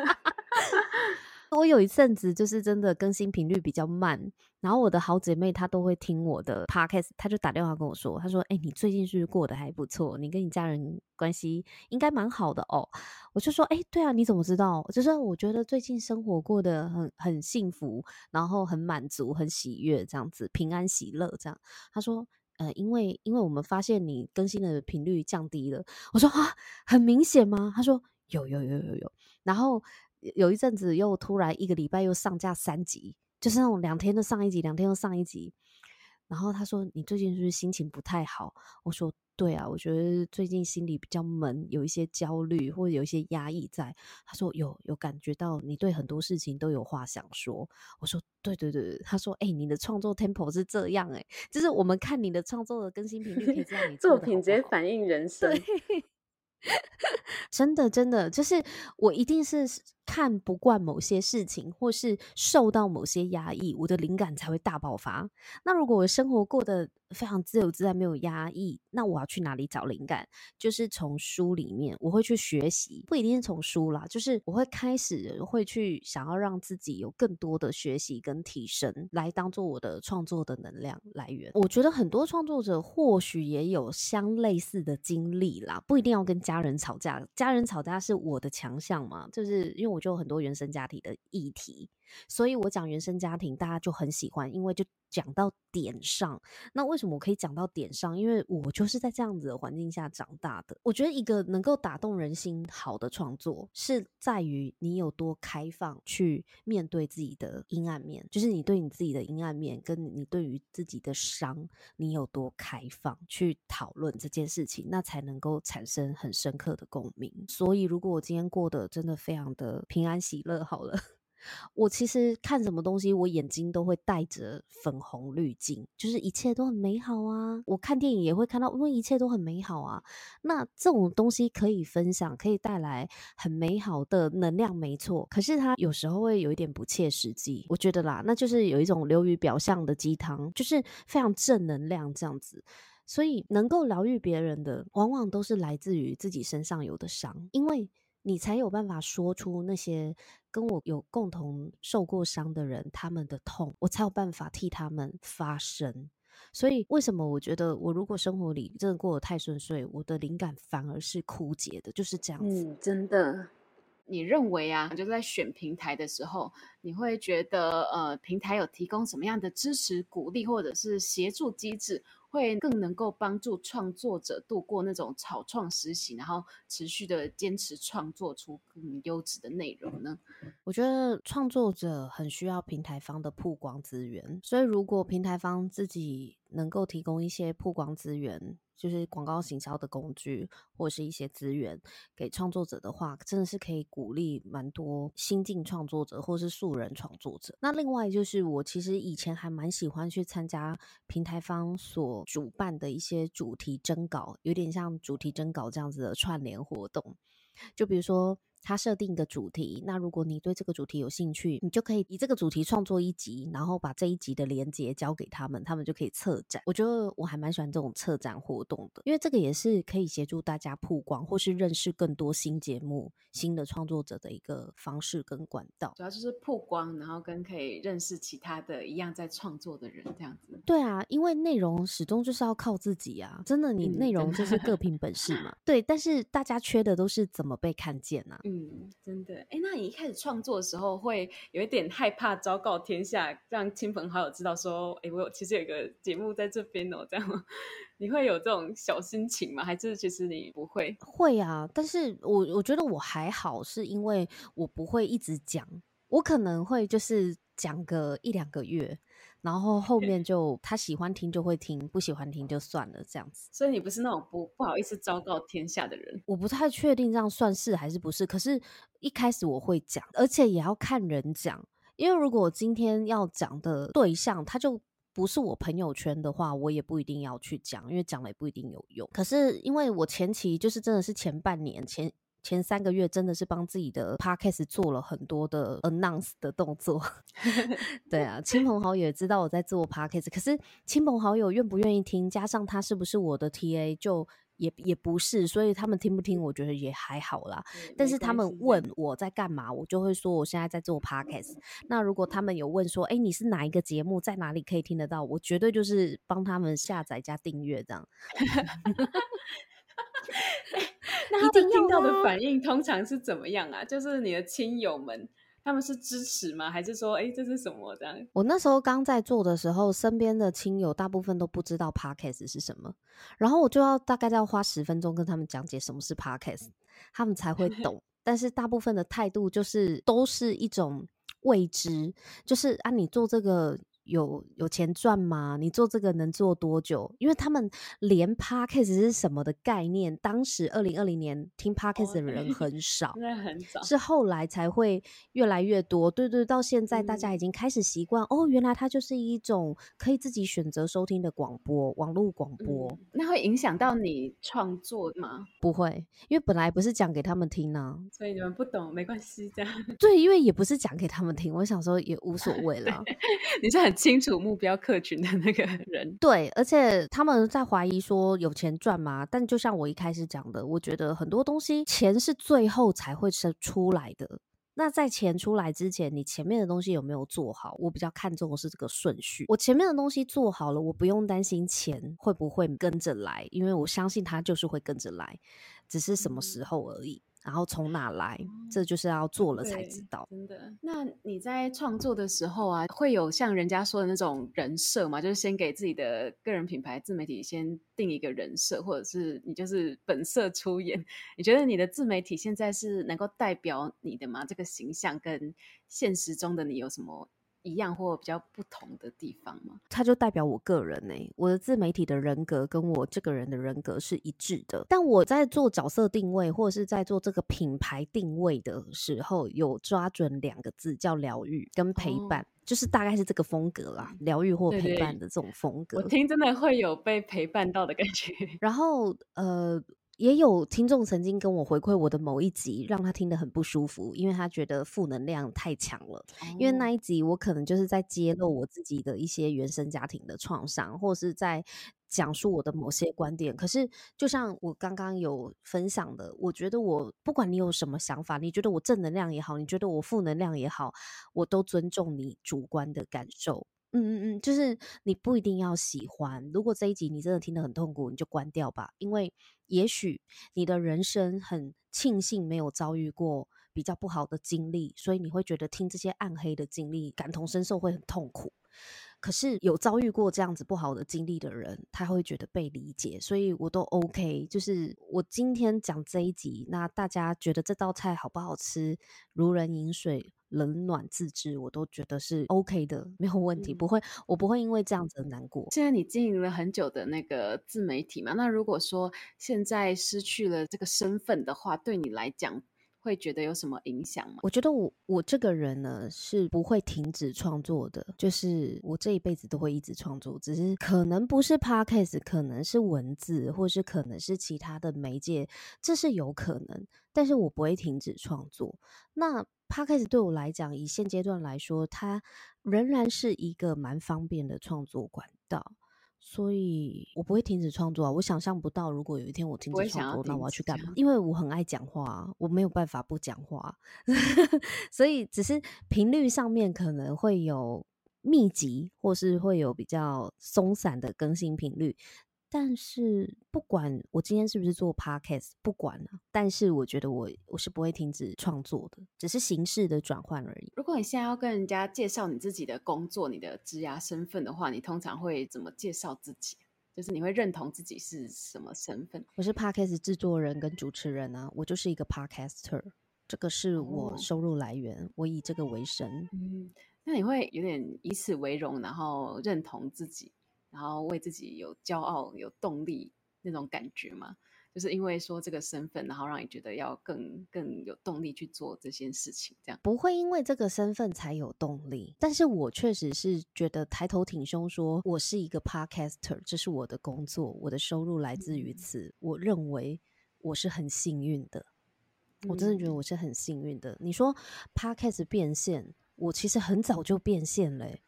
我有一陣子就是真的更新頻率比較慢，然後我的好姐妹她都會聽我的 podcast，她就打電話跟我說，她說：“哎、欸，你最近是不是過得還不錯？你跟你家人關係應該蠻好的哦。”我就說：“哎、欸，對啊，你怎麼知道？”就是我覺得最近生活過得很很幸福，然後很滿足，很喜悅，這樣子，平安喜樂這樣。她說：“呃，因為因為我們發現你更新的頻率降低了。”我說：“啊，很明顯嗎？”她說：“有有有有有、有有有。”然後。有一陣子，又突然一個禮拜又上架三集，就是那種兩天的上一集，兩天又上一集。然後他說：“你最近是不是心情不太好？”我說：“對啊，我覺得最近心裡比較悶，有一些焦慮或者有一些壓抑在。”他說：“有有感覺到你對很多事情都有話想說？”我說：“對對對。”他說：“哎、欸，你的創作 tempo 是這樣哎、欸，就是我們看你的創作的
更新頻率可以這樣，你 作品直接反映人生，
對 真的真的就是我一定是。”看不慣某些事情，或是受到某些壓抑，我的靈感才會大爆發。那如果我生活過得非常自由自在，沒有壓抑，那我要去哪裡找靈感？就是從書裡面，我會去學習，不一定是從書啦，就是我會開始會去想要讓自己有更多的學習跟提升，來當做我的創作的能量來源。我覺得很多創作者或許也有相類似的經歷啦，不一定要跟家人吵架，家人吵架是我的強項嘛，就是因為我。就有很多原生家庭的議題。所以我講原生家庭，大家就很喜歡，因為就講到點上。那為什麼我可以講到點上？因為我就是在這樣子的環境下長大的。我覺得一個能夠打動人心好的創作，是在於你有多開放去面對自己的陰暗面，就是你對你自己的陰暗面，跟你對於自己的傷，你有多開放去討論這件事情，那才能夠產生很深刻的共鳴。所以，如果我今天過得真的非常的平安喜樂，好了。我其實看什麼東西，我眼睛都會帶着粉紅濾鏡，就是一切都很美好啊。我看電影也會看到，因為一切都很美好啊。那這種東西可以分享，可以帶來很美好的能量，沒錯。可是它有時候會有一點不切實際，我覺得啦，那就是有一種流於表象的雞湯，就是非常正能量這樣子。所以能夠療癒別人的，往往都是來自於自己身上有的傷，因為。你才有辦法說出那些跟我有共同受過傷的人，他們的痛，我才有辦法替他們發聲。所以為什麼我覺得我如果生活裡真的過得太順遂，我的靈感反而是枯竭的，就是這樣子。嗯，
真的，你認為啊？就在選平台的時候，你會覺得呃，平台有提供什麼樣的支持、鼓勵或者是協助機制？會更能夠幫助創作者度過那種草創時期，然後持續的堅持創作出更優質的內容呢？
我覺得創作者很需要平台方的曝光資源，所以如果平台方自己。能夠提供一些曝光資源，就是廣告行銷的工具，或者是一些資源給創作者的話，真的是可以鼓勵蠻多新進創作者或是素人創作者。那另外就是，我其實以前還蠻喜歡去參加平台方所主辦的一些主題徵稿，有點像主題徵稿這樣子的串聯活動，就比如說。他設定一個主題，那如果你對這個主題有興趣，你就可以以這個主題創作一集，然後把這一集的連接交給他們，他們就可以策展。我覺得我還蠻喜歡這種策展活動的，因為這個也是可以協助大家曝光，或是認識更多新節目、新的創作者的一個方式跟管道。主
要就是曝光，然後跟可以認識其他的一樣在創作的人這樣
子。對啊，因為內容始終就是要靠自己啊，真的，你內容就是各憑本事嘛。嗯、 對，但是大家缺的都是怎麼被看見吶、啊。
嗯，真的。哎、欸，那你一開始創作的時候，會有一點害怕昭告天下，讓親朋好友知道說，哎、欸，我有其實有個節目在這邊哦，這樣你會有這種小心情嗎？還是其實你不會？
會啊，但是我我覺得我還好，是因為我不會一直講，我可能會就是講個一兩個月。然後後面就他喜歡聽就會聽，不喜歡聽就算
了這樣子。所以你不是那種不不好意思昭告天下的人。我不太確定這樣算是
還是不是。可是一開始我會講，而且也要看人講。因為如果我今天要講的對象他就不是我朋友圈的話，我也不一定要去講，因為講了也不一定有用。可是因為我前期就是真的是前半年前。前三個月真的是幫自己的 podcast 做了很多的 announce 的動作， 對啊，親朋好友也知道我在做 podcast，可是親朋好友願不願意聽，加上他是不是我的 TA，就也也不是，所以他們聽不聽，我覺得也還好啦。嗯、但是他們問我在幹嘛，我就會說我現在在做 podcast。嗯、那如果他們有問說，哎、欸，你是哪一個節目，在哪裡可以聽得到？我絕對就是幫他們下載加訂閱這樣。
欸、那他們聽到的反應通常是怎麼樣啊？就是你的親友們，他們是支持嗎？還是說，哎、欸，這是什麼這樣？我
那時候剛在做的時候，身邊的親友大部分都不知道 podcast 是什麼，然後我就要大概要花十分鐘跟他們講解什麼是 podcast，他們才會懂。 但是大部分的態度就是都是一種未知，就是啊，你做這個。有有錢賺嗎？你做這個能做多久？因為他們連 podcast 是什麼的概念，當時二零二零年聽 podcast 的人很少，現在很少，是後來才會越來越多。對對，到現在大家已經開始習慣。嗯、哦，原來它就是一種可以自己選擇收聽的廣播，網絡廣播、
嗯。那會影響到你創作嗎？
不會，因為本來不是講給他們聽呢、啊，
所以你們不懂沒關係。這樣
對，因為也不是講給他們聽，我想說也無所謂了
你是很。清楚目標客群的那個人，
對，而且他們在懷疑說，有錢賺嗎？但就像我一開始講的，我覺得很多東西錢是最後才會生出來的。那在錢出來之前，你前面的東西有沒有做好？我比較看重的是這個順序。我前面的東西做好了，我不用擔心錢會不會跟着來，因為我相信它就是會跟着來，只是什麼時候而已。嗯然後從哪來，哦、這就是要做了才知道。
真的。那你在創作的時候啊，會有像人家說的那種人設嗎？就是先給自己的個人品牌自媒體先定一個人設，或者是你就是本色出演。你覺得你的自媒體現在是能夠代表你的嗎？這個形象跟現實中的你有什麼？一樣或比較不同的地方嗎？
它就代表我個人呢？欸，我的自媒體的人格跟我這個人的人格是一致的。但我在做角色定位或者是在做這個品牌定位的時候，有抓準兩個字叫療癒跟陪伴，哦、就是大概是這個風格啦，療癒、嗯、或陪伴的這種風格，對對對。我聽
真的會有被陪伴到的感覺。然後
呃。也有聽眾曾經跟我回饋我的某一集，讓他聽得很不舒服，因為他覺得負能量太強了。因為那一集我可能就是在揭露我自己的一些原生家庭的創傷，或者是在講述我的某些觀點。可是就像我剛剛有分享的，我覺得我不管你有什麼想法，你覺得我正能量也好，你覺得我負能量也好，我都尊重你主觀的感受。嗯嗯嗯，就是你不一定要喜歡。如果這一集你真的聽得很痛苦，你就關掉吧。因為也許你的人生很慶幸沒有遭遇過比較不好的經歷，所以你會覺得聽這些暗黑的經歷，感同身受會很痛苦。可是有遭遇過這樣子不好的經歷的人，他會覺得被理解。所以我都 OK，就是我今天講這一集，那大家覺得這道菜好不好吃？如人飲水。冷暖自知，我都覺得是 OK 的，嗯、沒有問題，不會，我不會因為這樣子難過。
現在你經營了很久的那個自媒體嘛，那如果說現在失去了這個身份的話，對你來講會覺得有什麼影響嗎？
我覺得我我這個人呢是不會停止創作的，就是我這一輩子都會一直創作，只是可能不是 podcast，可能是文字，或是可能是其他的媒介，這是有可能，但是我不會停止創作。那。Podcast 對我來講，以現階段來說，它仍然是一個蠻方便的創作管道，所以我不會停止創作啊！我想象不到，如果有一天我停止創作，那我、啊、我要去幹嘛？因為我很愛講話、啊，我沒有辦法不講話、啊， 所以只是頻率上面可能會有密集，或是會有比較鬆散的更新頻率。但是不管我今天是不是做 podcast，不管了、啊。但是我覺得我我是不會停止創作的，只是形式的轉換而已。
如果你現在要跟人家介紹你自己的工作、你的職涯身份的話，你通常會怎麼介紹自己？就是你會認同自己是什麼身份？
我是 podcast 製作人跟主持人啊，我就是一個 podcaster，這個是我收入來源，哦、我以這個為生。
嗯，那你會有點以此為榮，然後認同自己。然後為自己有驕傲、有動力那種感覺嘛，就是因為說這個身份，然後讓你覺得要更更有動力去做這件事情，這樣。
不會因為這個身份才有動力。但是我確實是覺得抬頭挺胸說，說我是一個 Podcaster，這是我的工作，我的收入來自於此，我認為我是很幸運的。我真的覺得我是很幸運的。你說 Podcast 變現，我其實很早就變現了欸。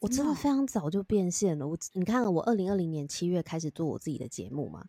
真我真的非常早就變現了。我你看，我二零二零年七月開始做我自己的節目嘛，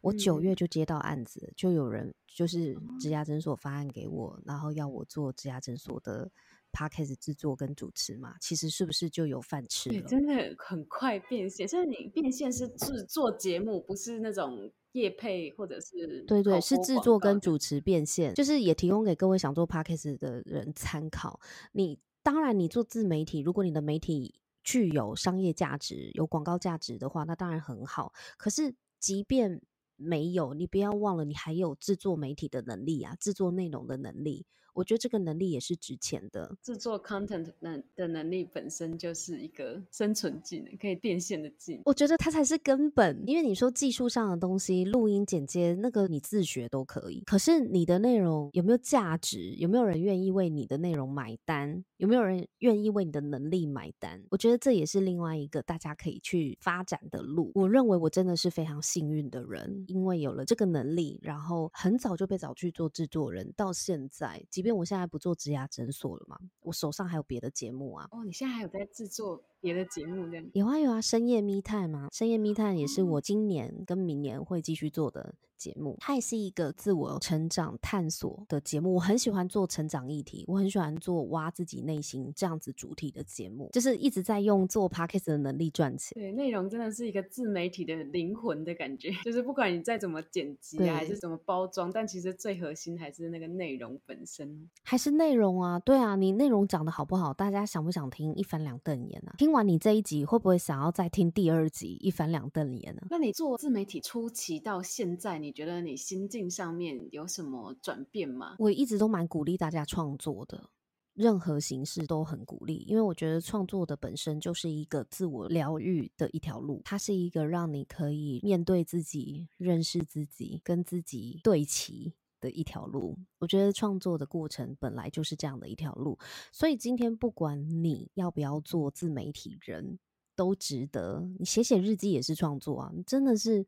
我九月就接到案子，嗯、就有人就是植牙診所發案給我，嗯、然後要我做植牙診所的 Podcast 製作跟主持嘛。其實是不是就有飯吃了？真的
很快變現。所以你變現是製作節目，不是那種業配或者是對，對對，是製作
跟主持變現，就是也提供給各位想做 Podcast 的人參考。你當然你做自媒體，如果你的媒體具有商業價值、有廣告價值的話，那當然很好。可是，即便沒有，你不要忘了，你還有制作媒體的能力啊，制作內容的能力。我覺得這個能力也是值錢的，
制作 content 的能的能力本身就是一個生存技能，可以變現的技能。
我覺得它才是根本，因為你說技術上的東西，錄音、剪接那個你自學都可以。可是你的內容有沒有價值？有沒有人願意為你的內容買單？有沒有人願意為你的能力買單？我覺得這也是另外一個大家可以去發展的路。我認為我真的是非常幸運的人，嗯，因為有了這個能力，然後很早就被找去做制作人，到現在因為我現在不做植牙診所了嘛，我手上還有別的節目啊。
哦，你現在還
有在制作別的節目這
樣？有啊有啊，深夜密探嗎？深夜密探也是我今年跟明年會繼續做的。節目它也是一個自我成長探索的節目，我很喜歡做成長議題，我很喜歡做挖自己內心這樣子主題的節目，就是一直在用做 Podcast 的能力賺錢。
對，內容真的是一個自媒體的靈魂的感覺，就是不管你再怎麼剪輯、啊、對還是怎麼包裝，但其實最核心還是那個內容本身，
還是內容啊。對啊，你內容講得好不好，大家想不想聽，一翻兩瞪眼啊？聽完你這一集，會不會想要再聽第二集，一翻兩瞪眼呢？那
你做自媒體初期到現在，你你覺得你心境上面有什麼轉變嗎？
我一直都蠻鼓勵大家創作的，任何形式都很鼓勵，因為我覺得創作的本身就是一個自我療癒的一條路，它是一個讓你可以面對自己、認識自己、跟自己對齊的一條路。我覺得創作的過程本來就是這樣的一條路，所以今天不管你要不要做自媒體人都值得，你寫寫日記也是創作啊，真的是。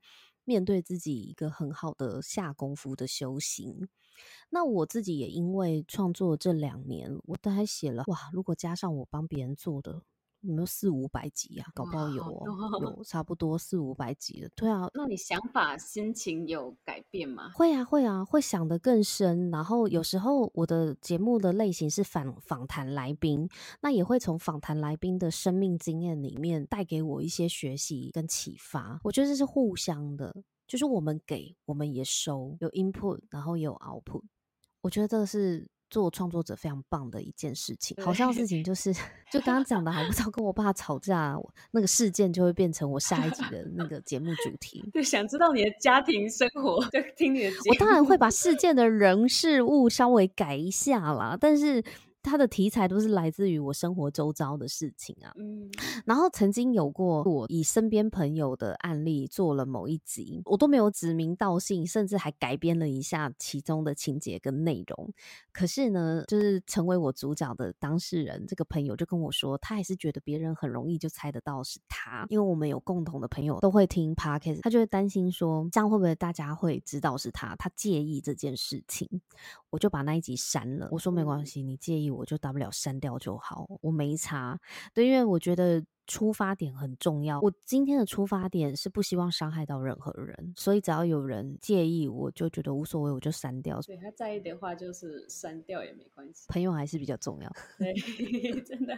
面對自己一個很好的下功夫的修行，那我自己也因為創作這兩年，我都還寫了，哇，如果加上我幫別人做的。有沒有四五百集啊？搞不好有哦，哦有差不多四五百集了。
對啊，那你想法、心情有改變嗎？
會啊，會啊，會想得更深。然後有時候我的節目的類型是訪訪談來賓，那也會從訪談來賓的生命經驗裡面帶給我一些學習跟啟發。我覺得這是互相的，就是我們給我們也收有 input，然後有 output。我覺得這個是。做創作者非常棒的一件事情，好像事情就是，對就剛剛講的還不知道跟我爸吵架 那個事件，就會變成我下一集的那個節目主題，
就想知道你的家庭生活，就聽你的節目。我當然會把事
件的人事物稍微改一下啦，但是。他的題材都是來自於我生活周遭的事情啊，嗯，然後曾經有過我以身邊朋友的案例做了某一集，我都沒有指名道姓，甚至還改編了一下其中的情節跟內容。可是呢，就是成為我主角的當事人這個朋友就跟我說，他還是覺得別人很容易就猜得到是他，因為我們有共同的朋友都會聽 Podcast，他就會擔心說，這樣會不會大家會知道是他，他介意這件事情。我就把那一集刪了。我說沒關係，你介意我就大不了刪掉就好。我沒差，對，因為我覺得。出發點很重要。我今天的出發點是不希望傷害到任何人，所以只要有人介意，我就覺得無所謂，我就刪掉。所
以他在意的話，就是刪掉也沒關係。
朋友還是比較重要。
對， 真的。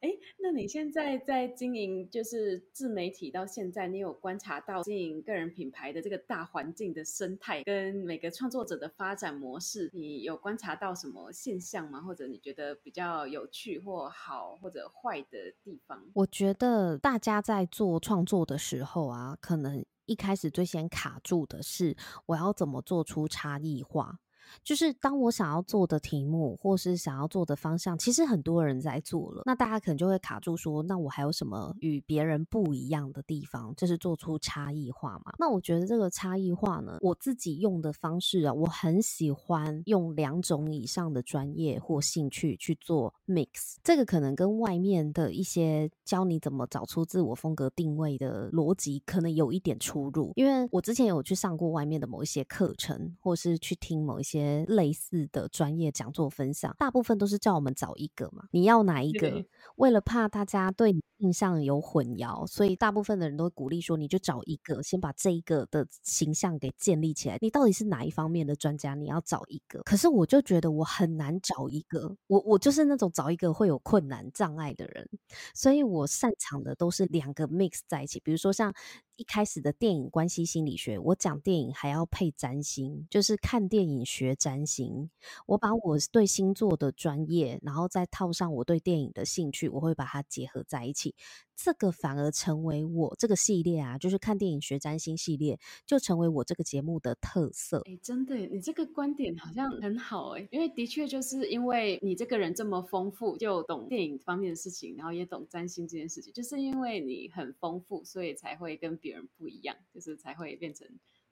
哎、欸，那你現在在經營就是自媒體到現在，你有觀察到經營個人品牌的這個大環境的生態跟每個創作者的發展模式，你有觀察到什麼現象嗎？或者你覺得比較有趣或好或者壞的地方？我
覺得大家在做創作的時候啊，可能一開始最先卡住的是我要怎麼做出差異化。就是，當我想要做的題目，或是想要做的方向，其實很多人在做了，那大家可能就會卡住說，說那我還有什麼與別人不一樣的地方？就是做出差異化嘛。那我覺得這個差異化呢，我自己用的方式啊，我很喜歡用兩種以上的專業或興趣去做 mix。這個可能跟外面的一些教你怎麼找出自我風格定位的邏輯，可能有一點出入，因為我之前有去上過外面的某一些課程，或是去聽某一些。類似的專業講座分享，大部分都是叫我們找一個嘛？你要哪一個？對對，為了怕大家對你印象有混淆，所以大部分的人都鼓勵說，你就找一個，先把這一個的形象給建立起來。你到底是哪一方面的專家？你要找一個。可是我就覺得我很難找一個，我我就是那種找一個會有困難障礙的人。所以我擅長的都是兩個 mix 在一起，比如說像一開始的電影關係心理學，我講電影還要配占星，就是看電影學占星。我把我對星座的專業，然後再套上我對電影的興趣，我會把它結合在一起。這個反而成為我這個系列啊，就是看電影學占星系列，就成為我這個節目的特色。
哎，真的，你這個觀點好像很好哎，因為的確就是因為你這個人這麼豐富，就懂電影方面的事情，然後也懂占星這件事情，就是因為你很豐富，所以才會跟別人不一樣，就是才會變成。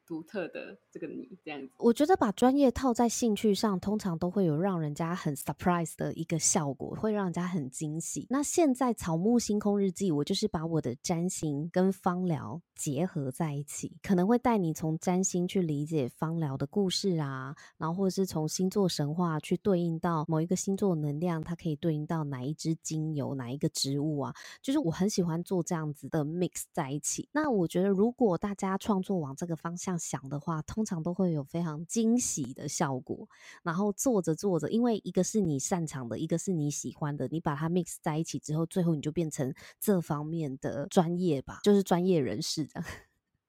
獨特的這個你
這樣子，我覺得把專業套在興趣上，通常都會有讓人家很 surprise 的一個效果，會讓人家很驚喜。那現在草木星空日記，我就是把我的占星跟芳療結合在一起，可能會帶你從占星去理解芳療的故事啊，然後或者是從星座神話去對應到某一個星座能量，它可以對應到哪一支精油、哪一個植物啊，就是我很喜歡做這樣子的 mix 在一起。那我覺得如果大家創作往這個方向，想的話，通常都會有非常驚喜的效果。然後做着做着，因為一個是你擅長的，一個是你喜歡的，你把它 mix 在一起之後，最後你就變成這方面的專業吧，就是專業人士的。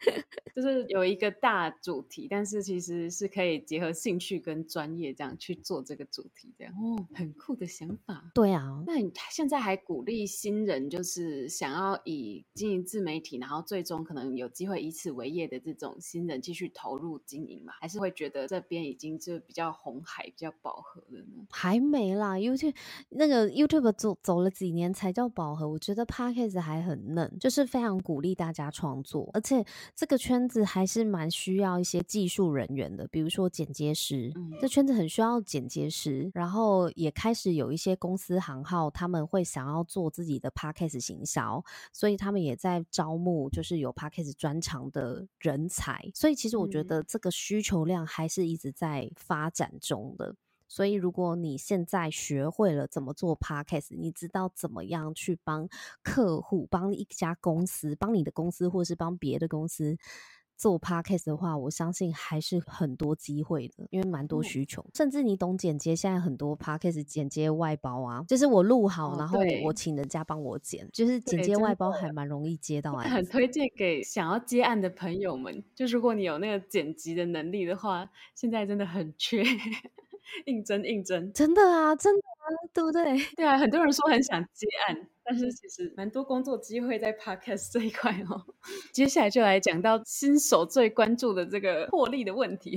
就是有一個大主題，但是其實是可以結合興趣跟專業這樣去做這個主題，這樣哦，很酷的想法。對啊，那你現在還鼓勵新人，就是想要以經營自媒體，然後最終可能有機會以此為業的這種新人繼續投入經營嘛？還是會覺得這邊已經就比較紅海、比較飽和了呢？
還沒啦，YouTube 那個 YouTube 走走了幾年才叫飽和，我覺得 Podcast 還很嫩，就是非常鼓勵大家創作，而且。這個圈子還是蠻需要一些技術人員的，比如說剪接師，嗯、這圈子很需要剪接師。然後也開始有一些公司行號，他們會想要做自己的 podcast 行銷，所以他們也在招募，就是有 podcast 專長的人才。所以其實我覺得這個需求量還是一直在發展中的。嗯所以，如果你現在學會了怎麼做 podcast，你知道怎麼樣去幫客戶、幫一家公司、幫你的公司，或是幫別的公司做 podcast 的話，我相信還是很多機會的，因為蠻多需求。嗯、甚至你懂剪接，現在很多 podcast 剪接外包啊，就是我錄好，然後我請人家幫我剪，哦、就是剪接外包還蠻容易接到案，很
推薦給想要接案的朋友們。就是如果你有那個剪輯的能力的話，現在真的很缺。 應徵，應徵，真的啊，真的。啊，對不對？對啊，很多人說很想接案，但是其實蠻多工作機會在 Podcast 這一塊哦。接下來就來講到新手最關注的這個獲利的問題，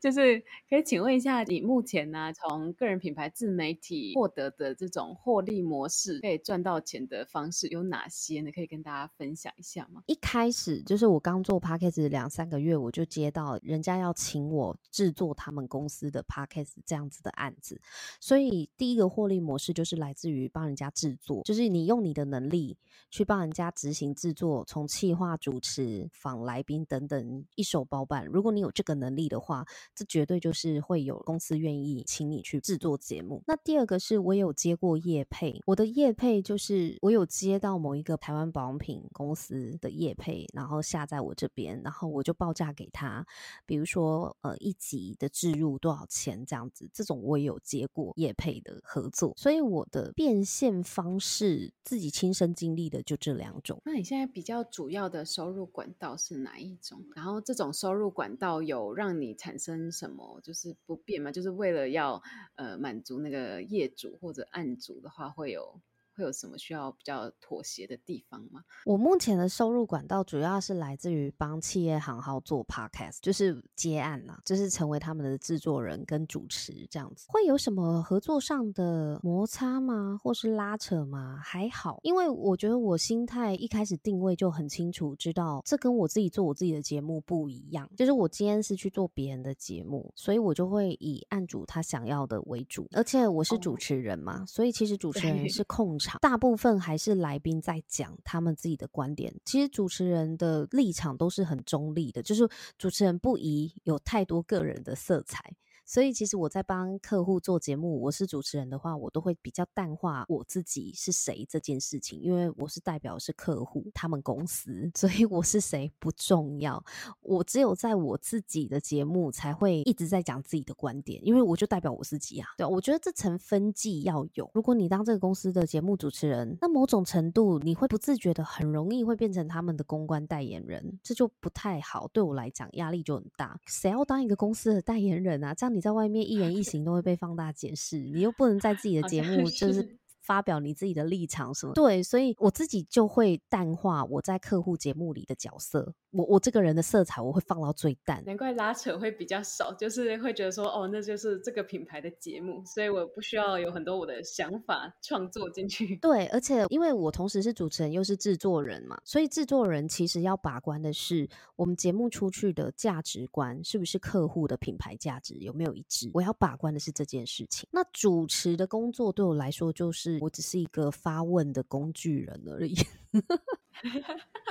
就是可以請問一下，你目前呢，啊，從個人品牌自媒體獲得的這種獲利模式，可以賺到錢的方式有哪些呢？可以跟大家分享一下嗎？
一開始就是我剛做 Podcast 兩三個月，我就接到人家要請我制作他們公司的 Podcast 這樣子的案子，所以。第一個獲利模式就是來自於幫人家制作，就是你用你的能力去幫人家執行制作，從企劃、主持、訪來賓等等一手包辦。如果你有這個能力的話，這絕對就是會有公司願意請你去制作節目。那第二個是我有接過業配，我的業配就是我有接到某一個台灣保養品公司的業配，然後下在我這邊，然後我就報價給他，比如說呃一集的置入多少錢這樣子，這種我也有接過業配的的合作，所以我的變現方式自己親身經歷的就這兩種。
那你現在比較主要的收入管道是哪一種？然後這種收入管道有讓你產生什麼就是不便嗎，就是為了要呃滿足那個業主或者案主的話會有，會有什麼需要比較妥協的地方嗎？
我目前的收入管道主要是來自於幫企業行號做 podcast，就是接案啦，就是成為他們的制作人跟主持這樣子。會有什麼合作上的摩擦嗎？或是拉扯嗎？還好，因為我覺得我心態一開始定位就很清楚，知道這跟我自己做我自己的節目不一樣。就是我今天是去做別人的節目，所以我就會以案主他想要的為主，而且我是主持人嘛，哦。所以其實主持人是控制。大部分還是來賓在講他們自己的觀點，其實主持人的立場都是很中立的，就是主持人不宜有太多個人的色彩。所以，其實我在幫客戶做節目，我是主持人的話，我都會比較淡化我自己是誰這件事情，因為我是代表是客戶他們公司，所以我是誰不重要。我只有在我自己的節目才會一直在講自己的觀點，因為我就代表我自己啊。對啊，我覺得這層分際要有。如果你當這個公司的節目主持人，那某種程度你會不自覺的很容易會變成他們的公關代言人，這就不太好。對我來講，壓力就很大。誰要當一個公司的代言人啊？這樣。你在外面一言一行都會被放大解釋， 你又不能在自己的節目就是。 發表你自己的立場什麼？對，所以我自己就會淡化我在客戶節目裡的角色。我我這個人的色彩我會放到最淡，
難怪拉扯會比較少，就是會覺得說，哦，那就是這個品牌的節目，所以我不需要有很多我的想法創作進去。
對，而且因為我同時是主持人，又是制作人嘛，所以制作人其實要把關的是我們節目出去的價值觀，是不是客戶的品牌價值有沒有一致。我要把關的是這件事情。那主持的工作對我來說就是。我只是一個發問的工具人而已，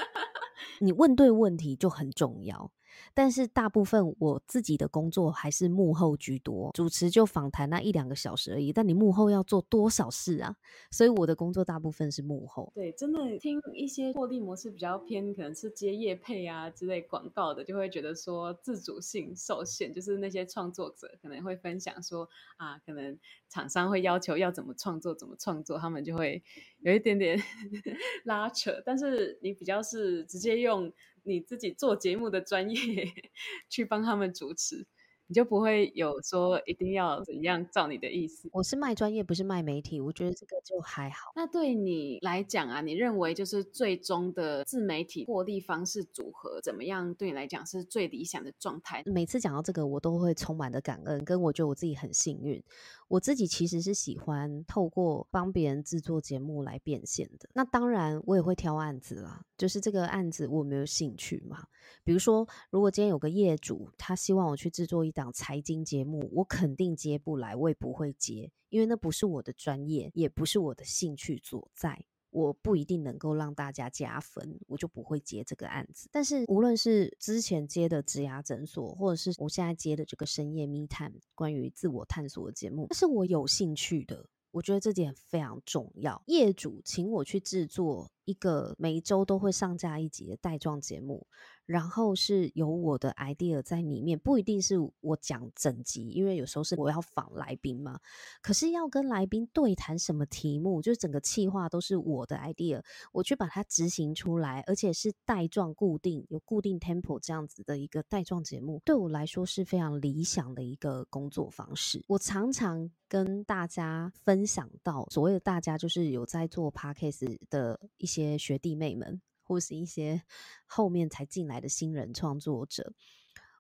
你問對問題就很重要。但是大部分我自己的工作還是幕後居多，主持就訪談那一兩個小時而已。但你幕後要做多少事啊？所以我的工作大部分是幕後。
對，真的聽一些獲利模式比較偏，可能是接業配啊之類廣告的，就會覺得說自主性受限。就是那些創作者可能會分享說啊，可能廠商會要求要怎麼創作怎麼創作，他們就會有一點點 拉扯。但是你比較是直接用。你自己做節目的專業， 去幫他們主持。你就不會有說一定要怎樣，照你的意思。
我是賣專業，不是賣媒體，我覺得這個就還好。
那對你來講啊，你認為就是最終的自媒體獲利方式組合怎麼樣？對
你來講是最理想的狀態。
每次講到這個，我都會充滿的感恩，跟我覺得我自己很幸運。我自己其實是喜歡透過幫別人制作節目來變現的。那當然我也會挑案子啦，就是這個案子我沒有興趣嘛。比如說，如果今天有個業主他希望我去制作一講財經節目，我肯定接不來，我也不會接，因為那不是我的專業，也不是我的興趣所在。我不一定能夠讓大家加分，我就不會接這個案子。但是無論是之前接的職涯診所，或者是我現在接的這個深夜 me time，關於自我探索的節目，那是我有興趣的。我覺得這點非常重要。業主請我去制作一個每一周都會上架一集的帶狀節目。然後是有我的 idea 在裡面，不一定是我講整集，因為有時候是我要訪來賓嘛，可是要跟來賓對談什麼題目，就是整個企劃都是我的 idea，我去把它執行出來，而且是帶狀固定，有固定 tempo 這樣子的一個帶狀節目，對我來說是非常理想的一個工作方式。我常常跟大家分享到，所謂的大家就是有在做 podcast 的一些學弟妹們。或是一些後面才進來的新人創作者，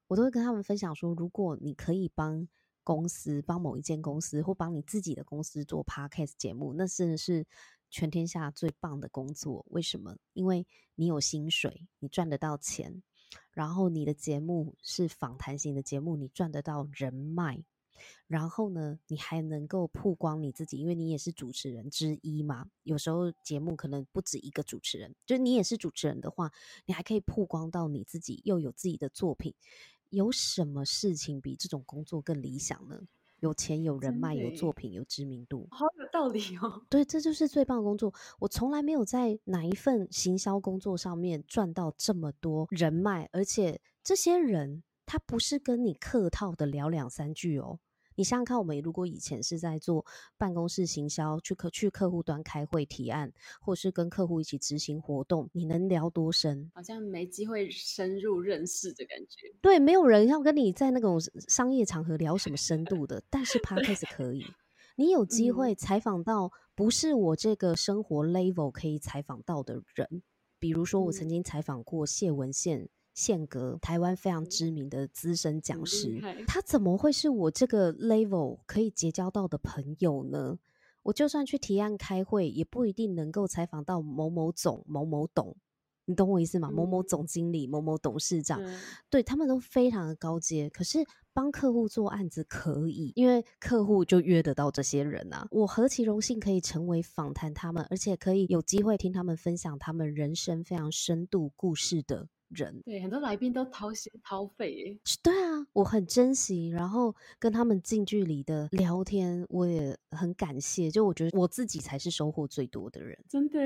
我都會跟他們分享說：如果你可以幫公司、幫某一間公司或幫你自己的公司做 podcast 節目，那真的是全天下最棒的工作。為什麼？因為你有薪水，你賺得到錢，然後你的節目是訪談型的節目，你賺得到人脈。然後呢，你還能夠曝光你自己，因為你也是主持人之一嘛。有時候節目可能不止一個主持人，就是你也是主持人的話，你還可以曝光到你自己，又有自己的作品。有什麼事情比這種工作更理想呢？有錢、有人脈、有作品、有知名度，好有道理哦。對，這就是最棒的工作。我從來沒有在哪一份行銷工作上面賺到這麼多人脈，而且這些人他不是跟你客套的聊兩三句哦。你想想看，我們如果以前是在做辦公室行銷，去客去客戶端開會提案，或是跟客戶一起執行活動，你能聊多深？
好像沒機會深入認識的感覺。
對，沒有人要跟你在那種商業場合聊什麼深度的。 但是 podcast 可以，你有機會採訪到不是我這個生活 level 可以採訪到的人。比如說，我曾經採訪過謝文憲憲哥，台灣非常知名的資深講師，他怎麼會是我這個 level 可以結交到的朋友呢？我就算去提案開會，也不一定能夠採訪到某某總、某某董，你懂我意思嗎？某某總經理、嗯、某某董事長，嗯、對，他們都非常的高階。可是幫客戶做案子可以，因為客戶就約得到這些人啊。我何其榮幸可以成為訪談他們，而且可以有機會聽他們分享他們人生非常深度故事的人。
對，很多來賓都掏心掏肺，
對啊，我很珍惜，然後跟他們近距離的聊天，我也很感謝。就我覺得我自己才是收穫最多的人，
真的。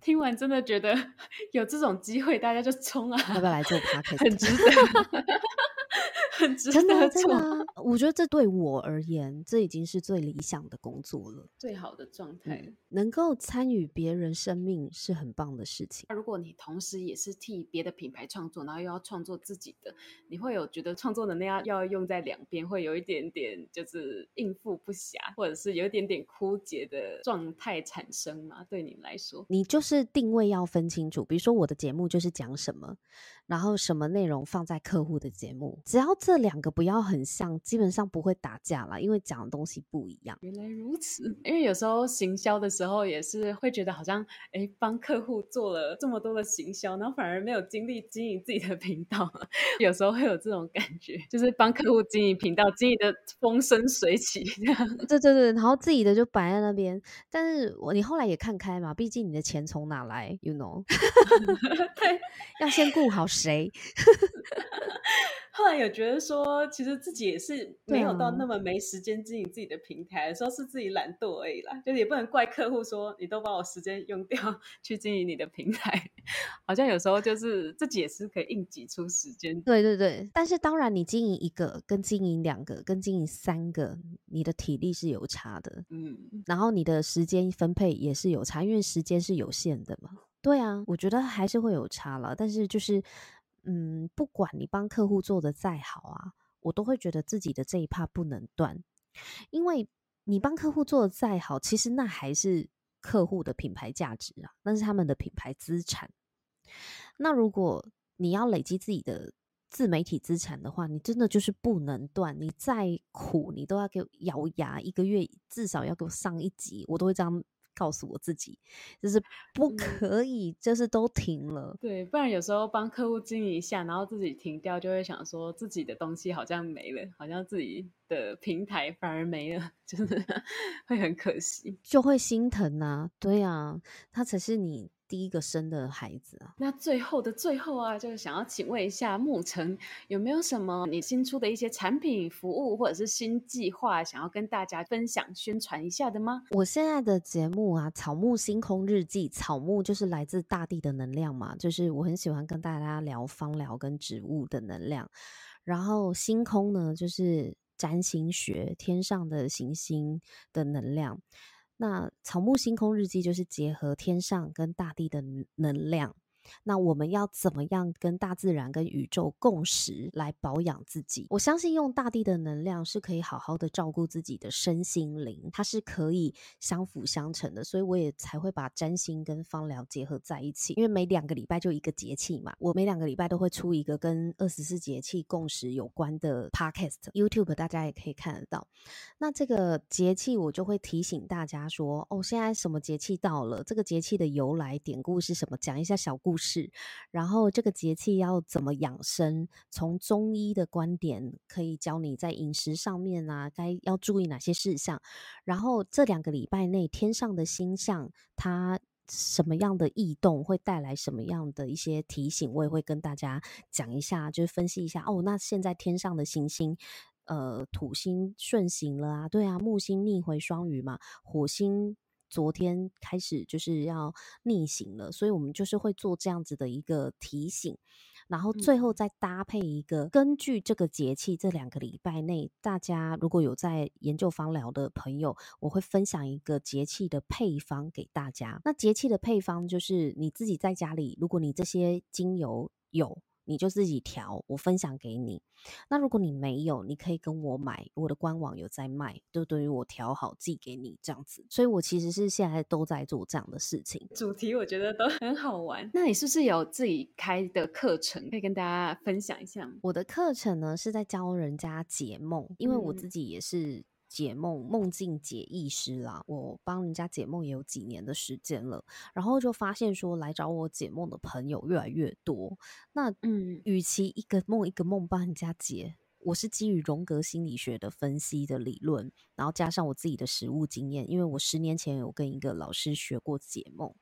聽完真的覺得有這種機會，大家就衝啊！ 要不要來
做 podcast 很
值得。 很真的、啊，真的、
啊， 我覺得這對我而言，這已經是最理想的工作了，
最好的狀態、嗯。
能夠參與別人生命是很棒的事情。
那如果你同時也是替別的品牌創作，然後又要創作自己的，你會有覺得創作能力要要用在兩邊，會有一點點就是應付不暇，或者是有一點點枯竭的狀態產生嗎？對你們來說，
你就是定位要分清楚。比如說我的節目就是講什麼。然後什麼內容放在客戶的節目，只要這兩個不要很像，基本上不會打架啦，因為講的東西不一樣。
原來如此，因為有時候行銷的時候也是會覺得好像，哎，幫客戶做了這麼多的行銷，然後反而沒有精力經營自己的頻道， 有時候會有這種感覺，就是幫客戶經營頻道，經營的風生水起
這樣。對對對，然後自己的就擺在那邊，但是我你後來也看開嘛，畢竟你的錢從哪來，you know， 對，要先顧好。誰？誰
後來有覺得說，其實自己也是沒有到那麼沒時間經營自己的平台的，說、啊，是自己懶惰而已啦。就也不能怪客戶說，你都把我時間用掉去經營你的平台，好像有時候就是自己也是可以硬擠出時間。
對對對。但是當然，你經營一個，跟經營兩個，跟經營三個，你的體力是有差的。嗯。然後你的時間分配也是有差，因為時間是有限的嘛。對啊，我覺得還是會有差了，但是就是，嗯，不管你幫客戶做得再好啊，我都會覺得自己的這一趴不能斷，因為你幫客戶做得再好，其實那還是客戶的品牌價值啊，那是他們的品牌資產。那如果你要累積自己的自媒體資產的話，你真的就是不能斷，你再苦你都要給我咬牙，一個月至少要給我上一集，我都會這樣。告訴我自己，就是不可以，就、嗯、是都停了。
對，不然有時候幫客戶經營一下，然後自己停掉，就會想說自己的東西好像沒了，好像自己的平台反而沒了，
就是 會很可惜，就會心疼啊。對啊，他只是你。第一個生的孩子啊，
那最後的最後啊，就是想要請問一下牧澄，有沒有什麼你新出的一些產品、服務或者是新計劃，想要跟大家分享、宣傳一下的嗎？
我現在的節目啊，《草木星空日記》，草木就是來自大地的能量嘛，就是我很喜歡跟大家聊芳療跟植物的能量，然後星空呢，就是占星學，天上的行星的能量。那草木星空日記就是結合天上跟大地的能量。那我們要怎麼樣跟大自然、跟宇宙共識來保養自己？我相信用大地的能量是可以好好的照顧自己的身心靈，它是可以相輔相成的。所以我也才會把占星跟芳療結合在一起。因為每兩個禮拜就一個節氣嘛，我每兩個禮拜都會出一個跟二十四節氣共識有關的 podcast，YouTube 大家也可以看得到。那這個節氣我就會提醒大家說：哦，現在什麼節氣到了？這個節氣的由來典故是什麼？講一下小故事。故事，然後這個節氣要怎麼養生？從中醫的觀點，可以教你在飲食上面啊，該要注意哪些事項？然後這兩個禮拜內天上的星象，它什麼樣的異動會帶來什麼樣的一些提醒，我也會跟大家講一下，就是分析一下。哦，那現在天上的行星，星，呃，土星順行了啊，對啊，木星逆回雙魚嘛，火星。昨天開始就是要逆行了，所以我們就是會做這樣子的一個提醒，然後最後再搭配一個根據這個節氣，這兩個禮拜內，大家如果有在研究芳療的朋友，我會分享一個節氣的配方給大家。那節氣的配方就是你自己在家裡，如果你這些精油有。你就自己調，我分享給你。那如果你沒有，你可以跟我買，我的官網有在賣，就等於我調好寄給你這樣子。所以我其實是現在都在做這樣的事情，
主題我覺得都很好玩。那你是不是有自己開的課程可以跟大家分
享一下？
我的課程呢是在教人家解夢，因為我自己也是。解夢，夢境解譯師啦，我幫人家解夢也有幾年的時間了，然後就發現說來找我解夢的朋友越來越多。那嗯，與其一個夢一個夢幫人家解，我是基於榮格心理學的分析的理論，然後加上我自己的實務經驗，因為我十年前有跟一個老師學過解夢，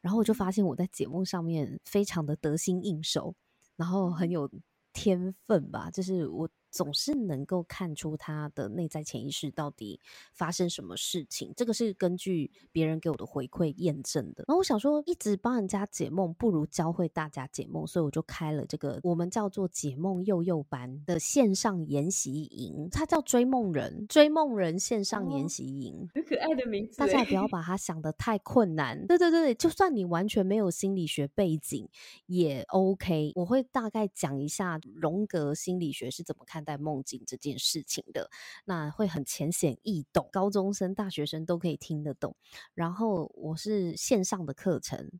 然後我就發現我在解夢上面非常的得心應手，然後很有天分吧，就是我。總是能夠看出他的內在潛意識到底發生什麼事情，這個是根據別人給我的回饋驗證的。那我想說，一直幫人家解夢，不如教會大家解夢，所以我就開了這個我們叫做“解夢幼幼班”的線上研習營，它叫“追夢人追夢人線上研習營”，
哦，很可愛的名字。大家也不要把
它想得太困難。對對對，就算你完全沒有心理學背景也 OK，我會大概講一下榮格心理學是怎麼看。看待夢境這件事情的，那會很淺顯易懂，高中生、大學生都可以聽得懂。然後我是線上的課程，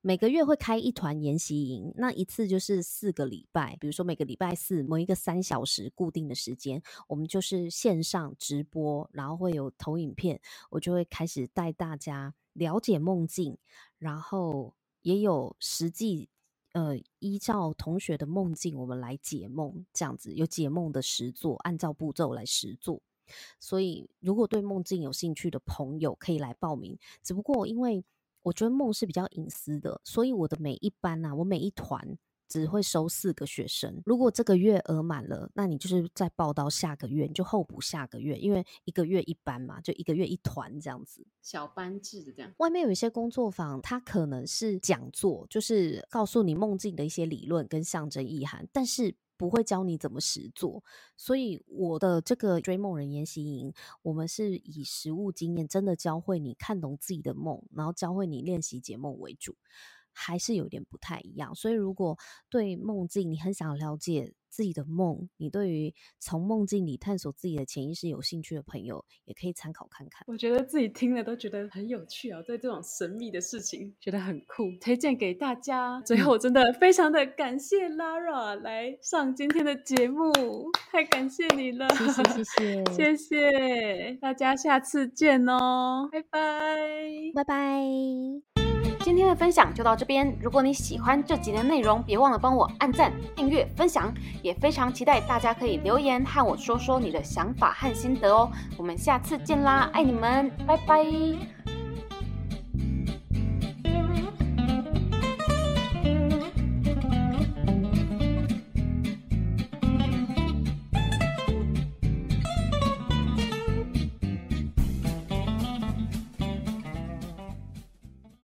每個月會開一團研習營，那一次就是四個禮拜，比如說每個禮拜四，某一個三小時固定的時間，我們就是線上直播，然後會有投影片，我就會開始帶大家了解夢境，然後也有實際。呃，依照同學的夢境，我們來解夢，這樣子有解夢的實作，按照步驟來實作。所以，如果對夢境有興趣的朋友，可以來報名。只不過，因為我覺得夢是比較隱私的，所以我的每一班啊，我每一團。只會收四個學生，如果這個月額滿了，那你就是再報到下個月，你就候補下個月，因為一個月一班嘛，就一個月一團這樣子。
小班制的這樣。
外面有一些工作坊，它可能是講座，就是告訴你夢境的一些理論跟象徵意涵，但是不會教你怎麼實做。所以我的這個追夢人研習營，我們是以實務經驗，真的教會你看懂自己的夢，然後教會你練習解夢為主。還是有點不太一樣，所以如果對夢境你很想了解自己的夢，你對於從夢境裡探索自己的潛意識有興趣的朋友，也可以參考看看。
我覺得自己聽了都覺得很有趣啊、哦，對這種神秘的事情覺得很酷，推薦給大家。最後，真的非常的感謝 Lara 來上今天的節目，太感謝你了，謝謝謝謝，謝
謝大家，下次見哦，拜拜，拜拜。今天的分享就到這邊。如果你喜歡這集的內容，別忘了幫我按讚、訂閱、分享，也非常期待大家可以留言和我說說你的想法和心得哦。我們下次見啦，愛你們，拜拜。